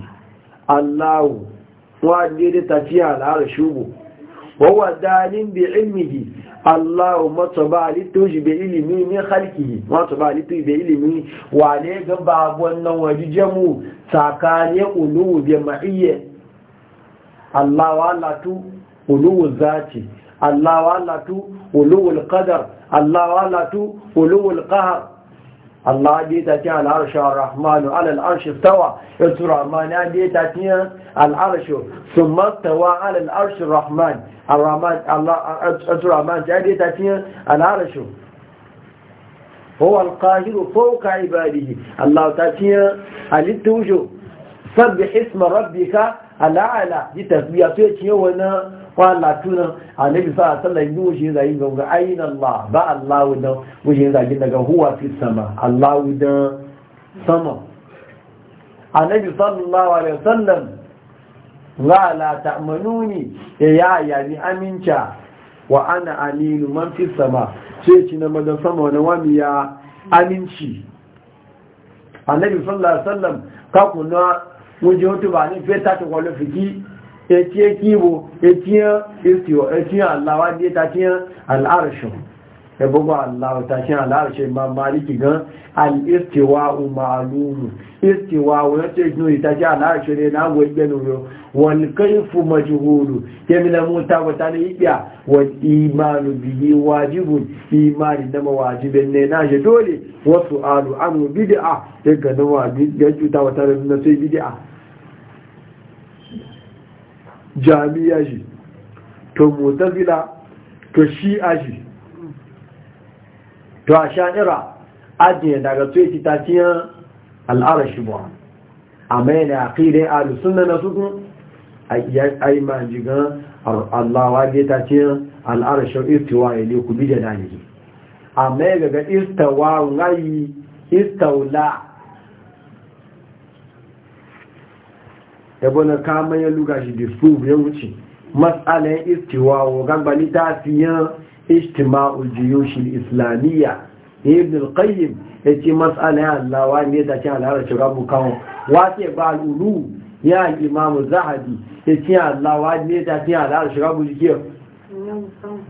Allah wa jidda tafiya ala arshihi wa huwa dalim bi Allahumma tabali alituji bi ilimi min khalqihi wa tabali alituji bi ilimi wa ne ga babu wannan wajijemu sakane ulu bi maiye Allah wala tu ulu zati Allah wala tu ulu alqadar Allah wala tu ulu alqahar الله جيتك على العرش الرحمن على العرش استوى السورة الرحمن جيتك العرش ثم استوى على العرش الرحمن الرحمن الله السورة الرحمن جيتك العرش هو القاهر فوق عباده الله تعالى هل توجد سبح اسم ربك الأعلى جيتك بيأتيك يونا kwala tunan annabi sa sallan yi wuce zai ga ga ainihin Allah ba Allah wudan wuce zai daga huwa fi sama Allah wudan sama annabi sallallahu alaihi wasallam la la ta'manuni ya yi ni aminca wa ana aminu man fi sama ce ci na madan sama wani wani ya aminci annabi sallallahu alaihi wasallam ka kuna wuce hutu ba ni feta ta kwallo fiki etiye kibo etiye irtiwa etiye Allah wadda ta tiye al'arshin ya bugu Allah ta tiye al'arshin ma maliki gan istiwa al'irtiwa umarumu irtiwa wani ce nuri ta tiye al'arshin ne na gwagbe nuriyo wani kaifu majuhuru ya mina muta wata ne ikiya wani imanu biyi wajibun imani na mawajibin ne na shi dole wasu alu anu bidi'a ya ganin wa ya cuta wata na sai bidi'a jami'a shi to mutazila to shi'a shi to a sha'ira ajiye daga tsoye citaciyar shi ba a mai na akirai alusunan na sukun a yi majigan allawa geta ciyar al'arashin istiwa ya ne ku bi da dalibi. a mai gaga istawa ngayi istaula yabo na kama ya luga shi disprove ya wuce matsalan istiwa wa gagba littafiyan ijtima'ul jiyushin islamiyya ibn al-qayyim yace matsalan Allah wa ne da cin al'ara shiga bukawo wace ba al'ulu ya yi imam zahabi yace Allah wa ne da cin al'ara shiga bukiyo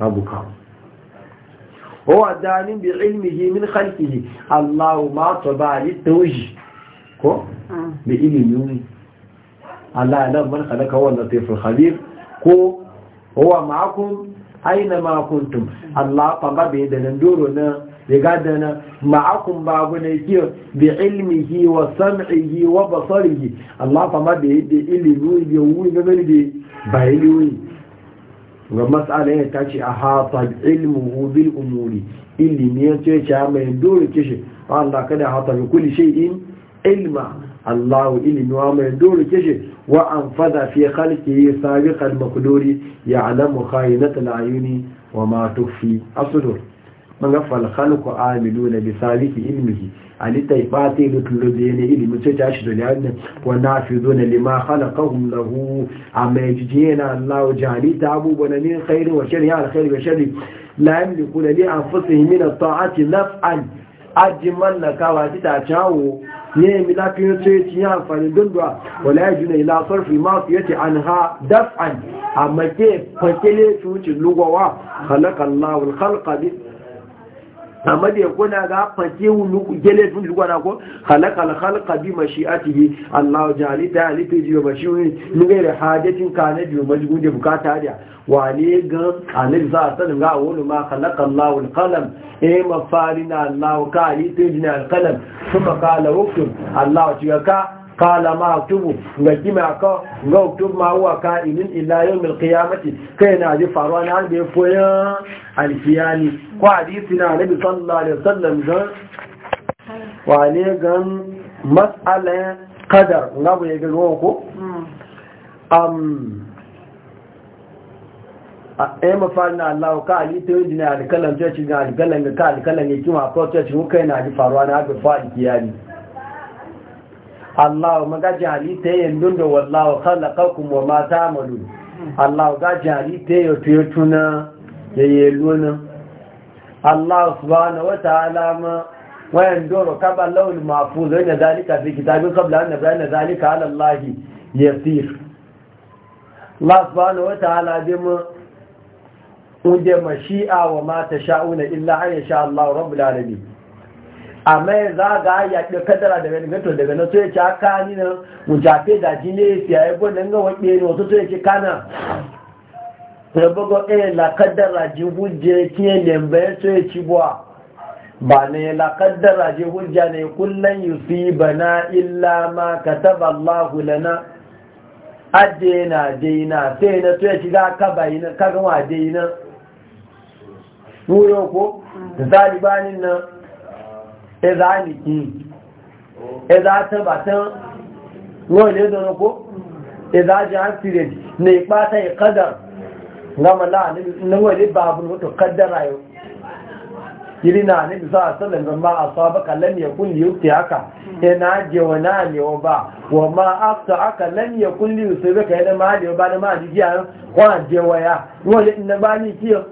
abu kawo هو دان بعلمه من خلقه الله ما طبع للتوجه كو بإلمي Allah nan man khalaqa wa latiful khabir ko huwa ma'akum aina ma kuntum Allah fanga bai da nan doro na riga da na ma'akum babu ne ki bi ilmihi wa sam'ihi wa basarihi Allah ma bai da ilimi ya wuri ne ne da bayani ga mas'ala ta ce a hata ilmuhu bil umuri ilimi ya ce ya mai doro kishi Allah kada hata bi kulli shay'in ilma Allah ilimi wa mai doro kishi وأنفذ في خلقه سابق المقدور يعلم خائنة العيون وما تخفي الصدور من غفل خلق عاملون بسابق علمه علي تيباتي لتلدين علم تجاشد لأن ونافذون لما خلقهم له عما يجدين الله جعلي تعبوبنا من خير وشر على خير وشر لا يملكون لأنفسهم من الطاعة نفعا أجمل لك واتتعشاوه ne mi lafiyar sai ci yin amfani duwa, wala ya juna ila sarfi ma su yace an ha daf'an amma ke fakile su wuce lugawa khalaqa Allahu amma da kuna ga fate wulu gele tun duka na ko halakal khalqa bi mashi'atihi Allah jali ta halitta ji ba shi ne ga da hajatin kana bi majgun da bukata da wale ga anil za a ga wani ma khalaqa Allah al qalam eh mafarina Allah ka halitta ji na al qalam kuma kala wukun Allah ya ka kala ma tubu ga kima ka ga tubu ma huwa ka'imin illa yawmil qiyamati kai na ji faruwa na da foya ko hadisi na nabi sallallahu alaihi wasallam ga wane ga mas'ala qadar na bu ga go ko am a ɗaya eh, mafari na Allah ka halitta yin jina alkalan cocin ga alkalan ga ka alkalan ya kima kocin kai na ji faruwa na haɗe fa'a Allah maga jali ta yin dunda wallahu khalaqakum wa ma ta'malun Allah ga jali ta yo to tuna yayi luna Allah subhanahu wa ta'ala ma wayan doro kaba lawul mahfuz inna zalika fi kitabin qabla an nabra zalika ala Allah yasir Allah subhanahu wa ta'ala bi mu unde mashi'a wa ma tasha'una illa an yasha Allah rabbul alamin amma ya za ga ya ɗi kadara daga metro daga na soya ce aka ni nan mu da jini ne fiya ya da ga ɓe ne wasu soya ce kana ya bugo ɗaya eh, la kadara ji hujje kiyan lembe ya soya ci buwa ba ne la kadara ji hujja ne kullum bana illa ma kataba Allahu lana adena dena sai na soya ci ga ka na kaga wa dena wuro ko mm. zalibanin nan ẹzà nìkí ẹzà tẹ́bàtán wọ́n ilé dọ́nà kó ẹzà jẹ́ àtìrẹ̀ ní ipá tẹ́ ìkádàr gámàlá níwọ̀n ilé bá abúrú kádàrà yóò yiri na ne bisa a sallan zan ba a saba kalan ya kun liyu ta haka yana e je wa na ne ba wa ma aka lan e ya kun liyu sai baka yana ma ne ba da ma ji jiya kwa je wa ya wani inda ba ni kiyo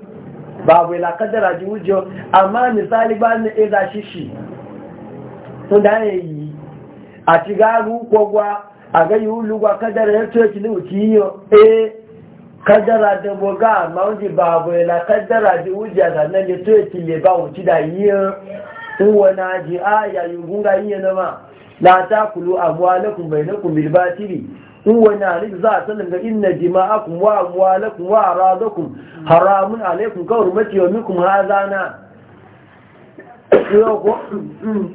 babu ila kadara ji wujo amma misali ba ni ida shishi sun da ya yi a ti garu kogwa a gayi yi hulugwa kadara ya ce ki nuki yi e kadara da boga ma wuji babu na. kadara da wuji a zanen ya ce ki le ba wuci da yi in wana ji a yayin gunga yi na ma na ta kulu abuwa na kun bai na kun bilbatiri in wani alif za a sanin ga inna kuma wa kuma wa aradakum haramun alaikun kawar mace wa mikun hazana yau ko mm, mm.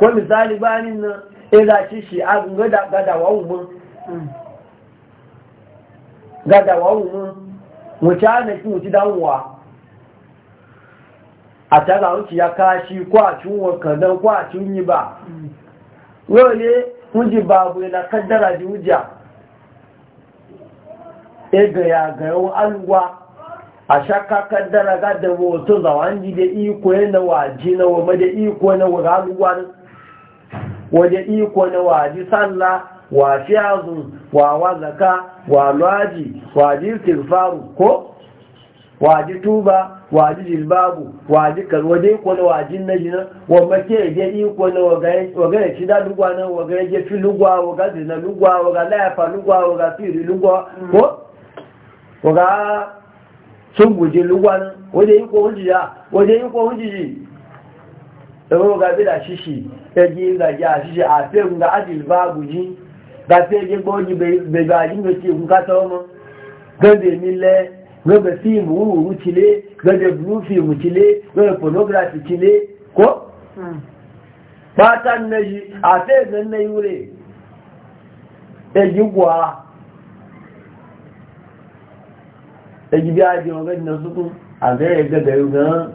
ko misali bayanin nan eh za ci shi a ga gadawa umu gadawa umu wuce ana ki wuce damuwa a tara wuce ya kashi ko a cin wakan don ko a cin yi ba yau ne wuji babu yana kaddara da wuja e eh, ga ya ga yawan aluwa a shakka kaddara ga da wato zawon ji da iko yana waje na wama da iko na wura aluwa waje iko na waji sallah wa fiyazu wa wazaka wa lwaji waji tilfaru ko waji tuba waji jilbabu waji waje iko na waji na jina wa make je iko na waga ya shida lugwa na waga ya jefi lugwa waga zina lugwa waga laifa lugwa waga siri lugwa ko waga sun guje lugwa na waje iko hunjiya waje iko hunjiyi ẹgbẹ́ ọgá bí dàṣíṣì ẹgbẹ́ a àṣíṣì àfẹ́gun ga àdìlbá àgùjí gbàfẹ́ ẹgbẹ́ gbọ́ọ̀jì bẹ̀gbà àjíǹgbẹ̀ tí ègún kátọ́ ọmọ gẹ́gbẹ̀ nílẹ̀ gẹ́gbẹ̀ fíìmù wúrúwú chile gẹ́gbẹ̀ blú fíìmù chile gẹ́gbẹ̀ pornography chile kó pátá nẹ́yí àfẹ́gun nẹ́yí rẹ̀ ẹgbẹ́ gbọ́a ẹgbẹ́ bí ajẹ́ ọgẹ́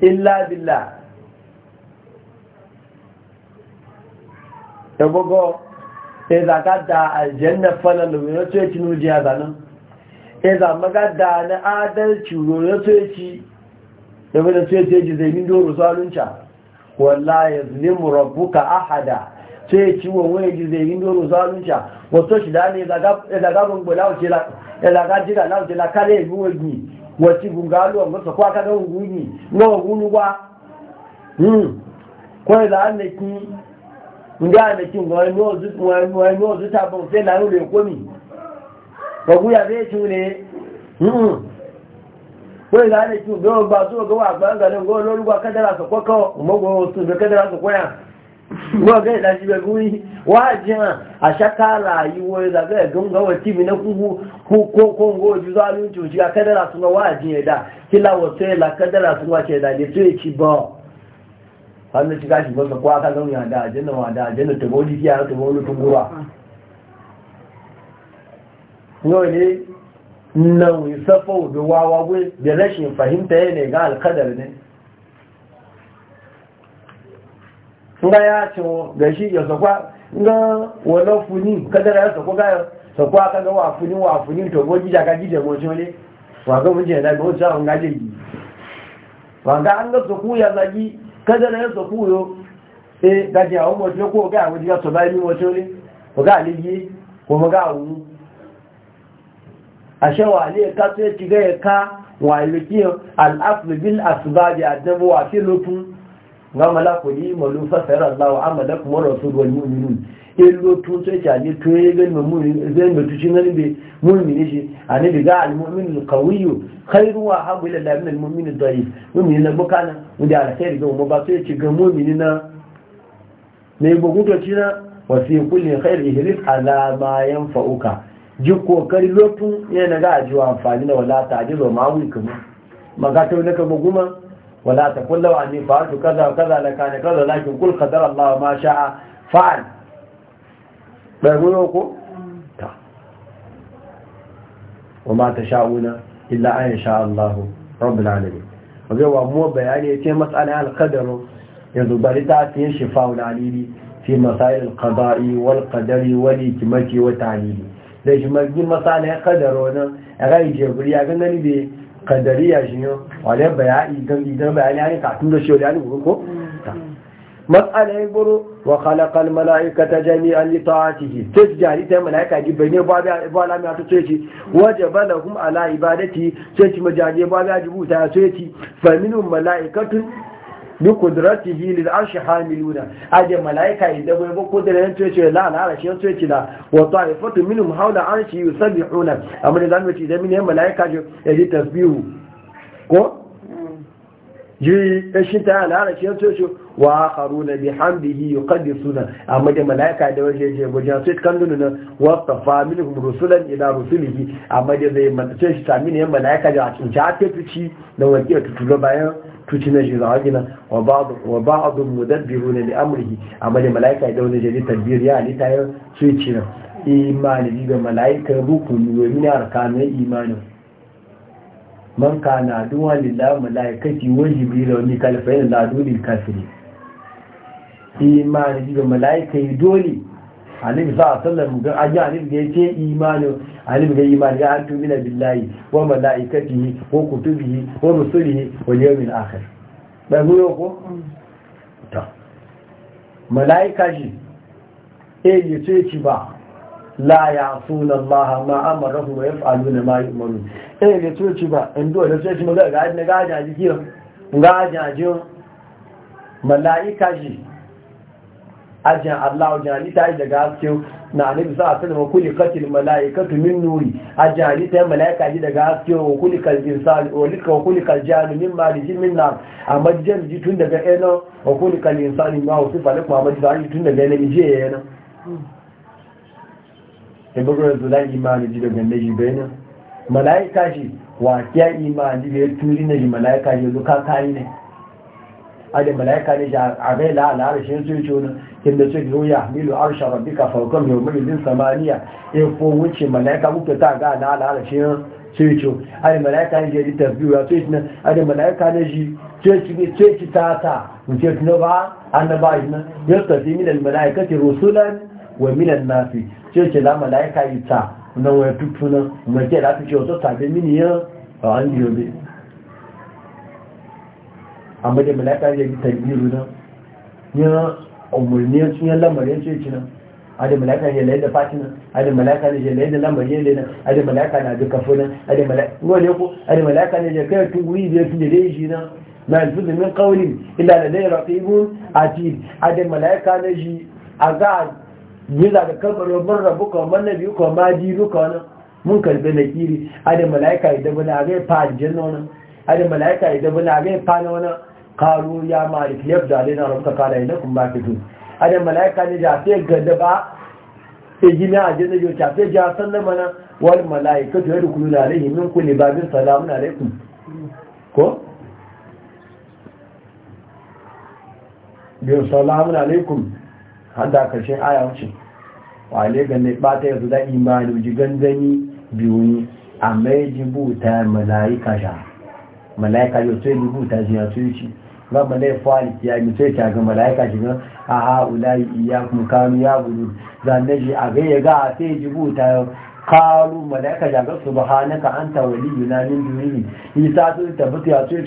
illa billah da gogo sai zaka da aljanna falalu ya ce ci nujiya zanen sai za magada na adalci ya ce ci da wadda ce ce ji zai min doro zalunca wallahi yazlimu rabbuka ahada sai ci wa wani ji zai min doro zalunca wato shi da ne zaga ban gbala wace la zaga jira la wace la kare yi gini. wati bungalu wa masa kwa kada nguni ngo ngunu hmm kwa ila ne ki nga ne ki ngo ngo zu ngo ngo zu ta bon la ule ko guya be chu hmm kwa ila ne ki ngo ba zu ngo wa ba ngo lo lu kwa kada so kwa ko mo go su be kada so kwa ya wọ́n gẹ́ a shaka wọ́n á jẹ́ hàn àṣákàrà ìwọ̀ ìdàgbẹ́ ẹ̀gọ́ngọ́wọ̀ tí mi nẹ́kúnkú kókóngó ojúzọ alóòjì òjìká kẹ́dẹ̀rà tún wọ́n á jẹ́ ẹ̀dà kí láwọ̀ tó ẹ̀là kẹ́dẹ̀rà tún wọ́n ṣe ẹ̀dà lè tó èkì bọ́ wọ́n ti káṣì bọ́ sọ̀kọ́ akálọ́rin àdá àjẹ́nà àdá àjẹ́nà tẹ̀wọ́ ó dí kí ara tẹ̀wọ́ olókun gúrà yóò ní nan ìsọ́fọ́ òdò wáwá wé da rashin fahimta yẹn ne ga alkadar ne nga ya ce ga shi ya sakwa nga wala funi kadara ya sakwa ga sakwa ka wa funi wa funi to go gija ka gije go jole wa ga mun je da go sa nga je gi wa ga an e, ga sakwa ya zagi kadara ya sakwa yo eh ga mo je ko ga awon ga so bai mo ko ga yi ko mo ga wu ka sai ti e ka wa al bil asbab ya nga malakuli malu fasara Allah amalakum wa rasulul mu'minun illo tun sai ta ne to yayin mu mu'min zai mu tuci nan be mu'min shi ani ga al mu'min al qawiy khairu wa habu ila Allah min al mu'min al da'if mu'min na bukana wanda da sai ga mu ba sai e ci ga mu'min na Me bugu to ci na wa fi kulli khair ihris ala ma yanfa'uka ji kokari lotun yana ga ajiwa amfani na wala ta ajizo ma wuyi kuma magata ne ka guma ولا تقول لو أني فعلت كذا وكذا لكان كذا لكن قل قدر الله ما شاء فعل بيقولوكو وما تشاؤون إلا أن شاء الله رب العالمين وقالوا مو بياني يتي مسألة القدر يذو برداتي شفاء العليل في مسائل القضاء والقدر والإجمة والتعليل ليش مجد مسألة قدرنا أغاية جبريا قلنا لي kadariya shi ne wale bayani idan bayani ya ne katun da shi wale ko hmm. matsala ya goro wa khalaqal ta jami'an li ta'atihi sai jari ta mala'ika ji bai ne ba ba lami ta ce ba da lahum ala ibadati sai ci majaje ba ba ji buta sai ci fa minhum mala'ikatun bi kudratihi lil arshi hamiluna aje malaika idan bai ba kudratin to yace la la arshi to yace da wa ta'ifatu minhum hawla arshi yusabbihuna amma da zamu ci da mine malaika je yaji tasbihu ko mm. ji shi ta la arshi to yace wa bi hamdihi yuqaddisuna amma da malaika da waje je gujan sai kan na wa tafa minhum rusulan ila rusulihi amma da zai matace shi sami ne malaika da cin ta tuci da wake tuci bayan tuci na shi gina wa ba'd wa ba'd mudabbirun li amrihi amma da malaika da waje je tabbir ya ali tayar sai cin imani da malaika rukuni wa min arkanin imanin man kana duwa lillahi malaikati wa jibril wa mikael fa inna ladulil kafirin imani da mala'ika yi dole annabi sa sallam ga aji annabi ga yace imani annabi ga imani ga an tumina billahi wa malaikatihi wa kutubihi ko rusulihi wa yawmil akhir ba yi ko ta malaika shi eh ce ci ba la suna Allah ma amarahu wa yaf'aluna ma e eh ce ci ba in da sai ci maga ga ga ga ji ga ga ji malaika shi ajin Allah jani ta yi daga haske na anabi sa asali zama kuli katil mala'ikatu min nuri ajani ta yi mala'ika ji daga haske wa kuli kal insan wa lika wa kuli kal jani min marijin min nar amma jan ji tun daga eno wa kuli kal insan ma wa sifa lakum amma ji tun daga eno ya yana in bugu da zai imani ji daga ne ji bayanan mala'ika shi wa kiya imani da turi na ne mala'ika ji zuka kai ne adin malaika ne a bai la'ala harshen su ce wani kin da suke ruya milu arsha rabbika farkon yau mulkin samaniya ya fo wuce malaika kuka ta ga la'ala harshen su ce adin malaika ne ji tafiya ya ce nan malaika ne ji ce ci ta ta mutum tuno ba annaba shi nan ya tafi min almalaikati rusulan wa min annasi ce ce la malaika yi ta nan wani tuttunan mace da ta ce wasu tafi min a wani yobe amma da malaka ya yi tabiru nan ya umurniyar su ya lamarin su ci nan a da malaka ya layi da fati nan a da malaka ya layi da lamarin ya nan a da malaka na duka funan a da malaka ne ko a da malaka ya kai tuwuyi da fi da dai shi nan na da min kawulin ila da dai raƙibun atid a da malaka ne shi a za a yi da kabarin mun rabu kamar na biyu ji duka wani mun karbi na kiri a da malaka ya dabana a zai fa aljanna wani a da malaka ya dabana a zai fa na wani قالوا يا مالك يبدأ لنا ربك قال إنكم ماكتون أنا ملائكة a قدبا تجينا عجلنا يوشاتي جاسا لمنا والملائكة يدخلون عليه من كل باب سلام عليكم كو biyu salamun alaikum hada karshen aya wuce wale ganin bata yanzu da imanu ji ganzani biyu ne a mai jibuta mala'ika sha mala'ika yau sai jibuta gama na fali ya yi sai ta ga malaika shi a haula kuma kanu ya gudu zanne shi a gaya ga a sai ji buta kalu malaika ya ga subhanaka anta waliyuna min dunihi isa su tabbata ya ce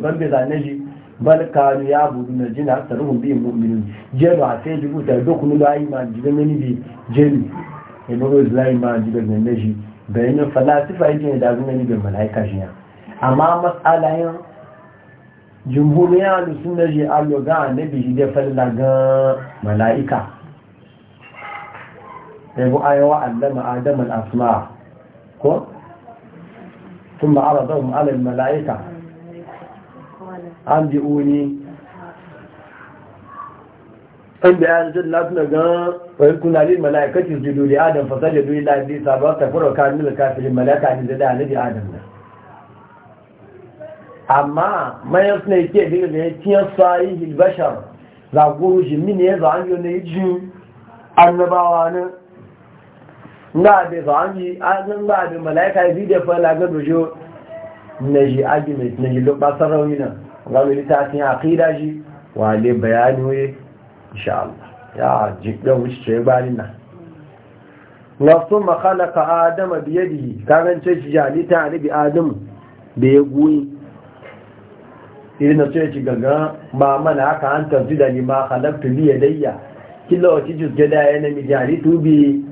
ban shi bal kanu ya na jina bi a sai ji buta duk mun ayi ma jiga mini bi ma shi bayanin falasifa yake da malaika shi amma jimhurin yalu sun na je aloga a nabi shi da fallagan mala'ika yabo ayawa allama adam al'asma ko? sun ma'ara zan alal mala'ika an bi'uni an biya yanzu lafiya gan wani kunalin mala'ikacin jidoli adam fasar da dole lafi sabar tafirar kamilin kafirin mala'ika da zai da nabi adam na amma mayan suna ke daga da ya tiyan sayi hilbashar za guru shi mini ya za yi ne yi jin annabawa ne nga da za an yi an ga da malaika yi da fa la ga dojo na ji aji mai na ji lokpa sarauni na ga mai littafin aqida ji wa le bayani we insha Allah ya ji da wuce ce bani na na summa khalaqa adama bi yadihi kagan ce shi jalita ali bi adam da ya goyi irin na sai ci gaga ma mana aka an tafi da ni ma halaktu bi yadayya kila wata jus gada ya na mi jari tubi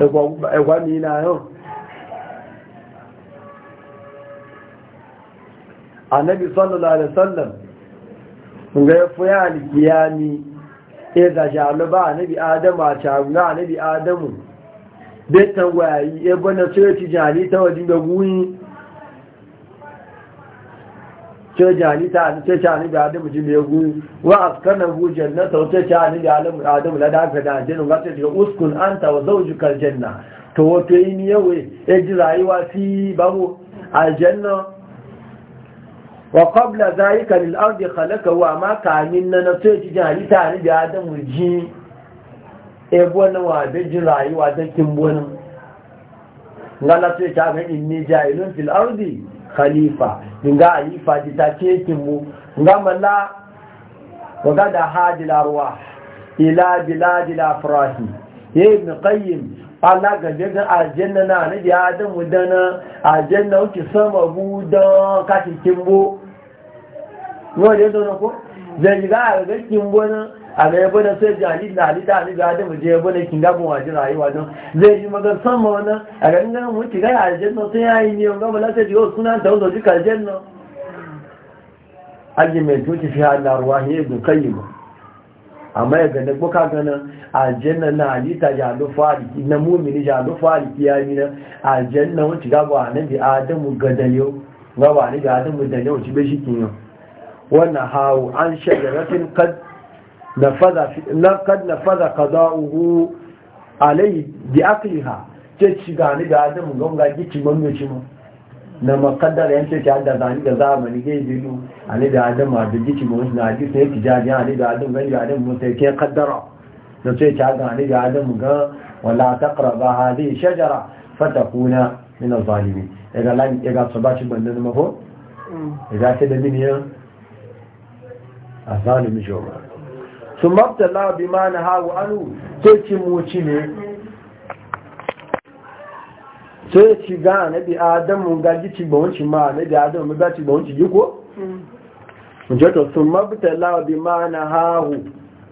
ẹgbà eh, mi na yau annabi sallallahu alaihi wasallam ga ya fi alkiyami ya zashi alaba nabi adamu a caguna nabi adamu bai tangwayi ya gwana sai ci jari ta wajen da guyi ce jani ta ce jani da adamu ji mai gu wa askana hu jannata wa ce jani da alamu adamu la da ka da jinu ga ce uskun anta wa zawjuka aljanna to wato yi ni yawe e ji rayuwa fi babu aljanna wa qabla dhalika lil ardi khalaqa wa ma kamin na na ce jani ta ni da adamu ji e bona wa be ji rayuwa da kin bona ngala ce ta ga inni jailun fil ardi khalifa dinga alifa ji ta cikin mu ga malla waga da hajil arwa ila biladil afrahi ya ibn qayyim ala ga daga aljanna na ne da adam dana aljanna uki sama buda ka cikin mu no da don ko zai ga ga kimbo na? a mai bane sai jani na halitta a adamu da muje bane kin gabin waje rayuwa don zai yi magan sama wani a garin ganin mun kiga a jannan sai yi ne wanga bala sai diyo suna da wazo jika jannan aji mai tuki fi Allah ruwa he bu kayyim amma ya ganin buka ganin a jannan na halitta ja do fari na mu'mini ja do fari yi na a jannan mun kiga ba nan bi adamu ga gadaliyo ga ba ni ga adamu da ne wuce be shi kinyo wannan hawo an shagaratin kad لقد نفذ قضاؤه عليه بأقلها ce ci gani da adam gon ga gici mamme ci mu na makaddar yan ce ta da zani da zamani ga bilu ani da adam da gici mu na hadisi ne a ani da adam gani da adam mu sai ke kaddara Na ce ta ga ani da adam ga wala taqraba hadhihi shajara fatakuna min az-zalimin daga lan daga su mabtala bi ma na hawa anu sai ci moci ne sai ci ga na bi adamu ga ji ci bawanci ma na bi adamu ga ci bawanci ji ko? jato su mabtala bi ma na hawa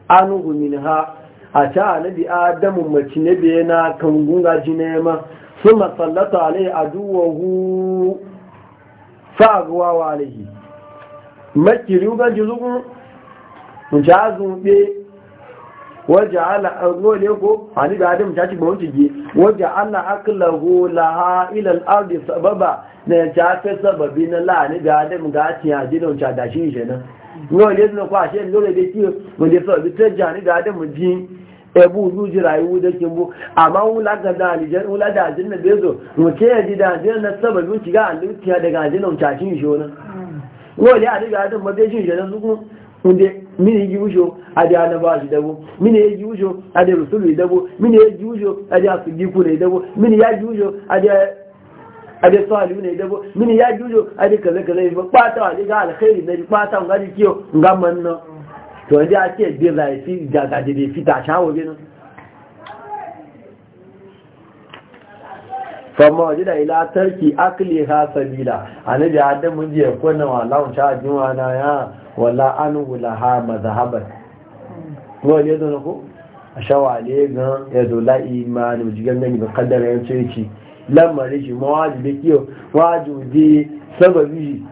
anu min ha a ta na bi adamu mace na bi na kan gunga ji nema su matsallata alai aduwahu fa'aguwa wa alihi makiri ga ji mujazun be wajen ala agole ko hannu da adam ta ci ba wancan ge wajen ala akilahu laha ilal ardi sababa na ya ta fi sababi na la'ani da adam ga ci ya ji don cada shi shi nan yau ne suna kwashe lura da kiyo wanda sababi ta jani da adam ji ebu ji rayuwa da kimbo amma wula ga dalijan wula da ajin na bezo mutum ya ji da ajin na sababin ga alutiya daga ajin don cada shi hmm. shi na? yau ne a daga adam ma bai shi shi na su kuma mini yi wujo a da anaba shi dabo mini yi wujo a da rusulu dabo mini yi wujo a da asibiku ne dabo mini ya yi wujo a da ade salihu ne dabo mini ya jujo ade kaza kaza ba kwata wa ga alkhairi ne kwata ga ji kiyo ga manno to ndi a ce bi zai fi da ga fita fi ta shawo bi no fama waje da ila tarki akli ha sabila anabi adam mun je ko na wala mun ta juwa na ya wala anu laha mazhaban to ne da ko a shawale gan ya zo la imanu jigan gani ba kaddara ya ce ci lamari shi mawajibi kiyo wajibi sababi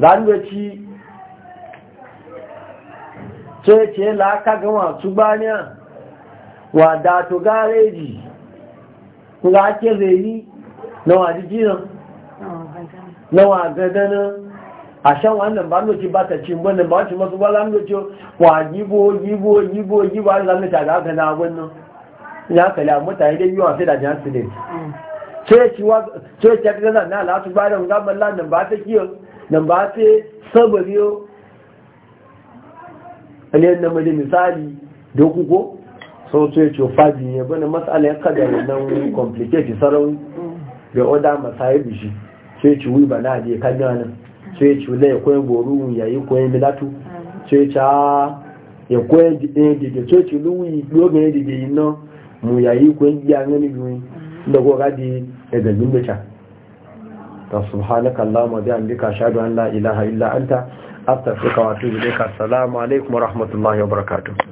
zanuwa ci ce ce la aka ga wasu baniya wa da to gareji ga ake zai na wajiji nan na wa gadanan àṣà wọn nà bá lóòtí bá tẹ̀tí mọ́ nà bá tẹ̀tí mọ́sí wọ́n lá lóòtí wà yíbó yíbó ya yíbó alámẹ́ta àgbàkànlá àwọn náà ní àkàlẹ̀ àmọ́ta ilé yíò àfẹ́ ìdàjá sílẹ̀ ta ó ṣe ẹgbẹ́gbẹ́ náà látúgbà rẹ̀ ń gábọ̀ lá nàbà tẹ́ kí o nàbà tẹ́ sọ́bọ̀rí o ẹni ẹni nàmọ́dé misali dókúkó sọ tó ẹ̀ tí ó fàájì yẹn bọ́ na matsala ya kada rẹ̀ náà wọ́n complicate da ọdá masayi bishi sai ci wí ba na adiyar kanyar nan sai wule ya koyan goru ya yi koyan milatu sai ca ya koyan dide sai ci luwi logan ya dide yi nan mu ya yi koyan giya ngani yi da ko gadi ya gabin da ca ta subhanaka allahumma bi amrika shaɗu an la ilaha illa anta astaghfiruka wa atubu ilayka assalamu alaikum wa rahmatullahi wa barakatuh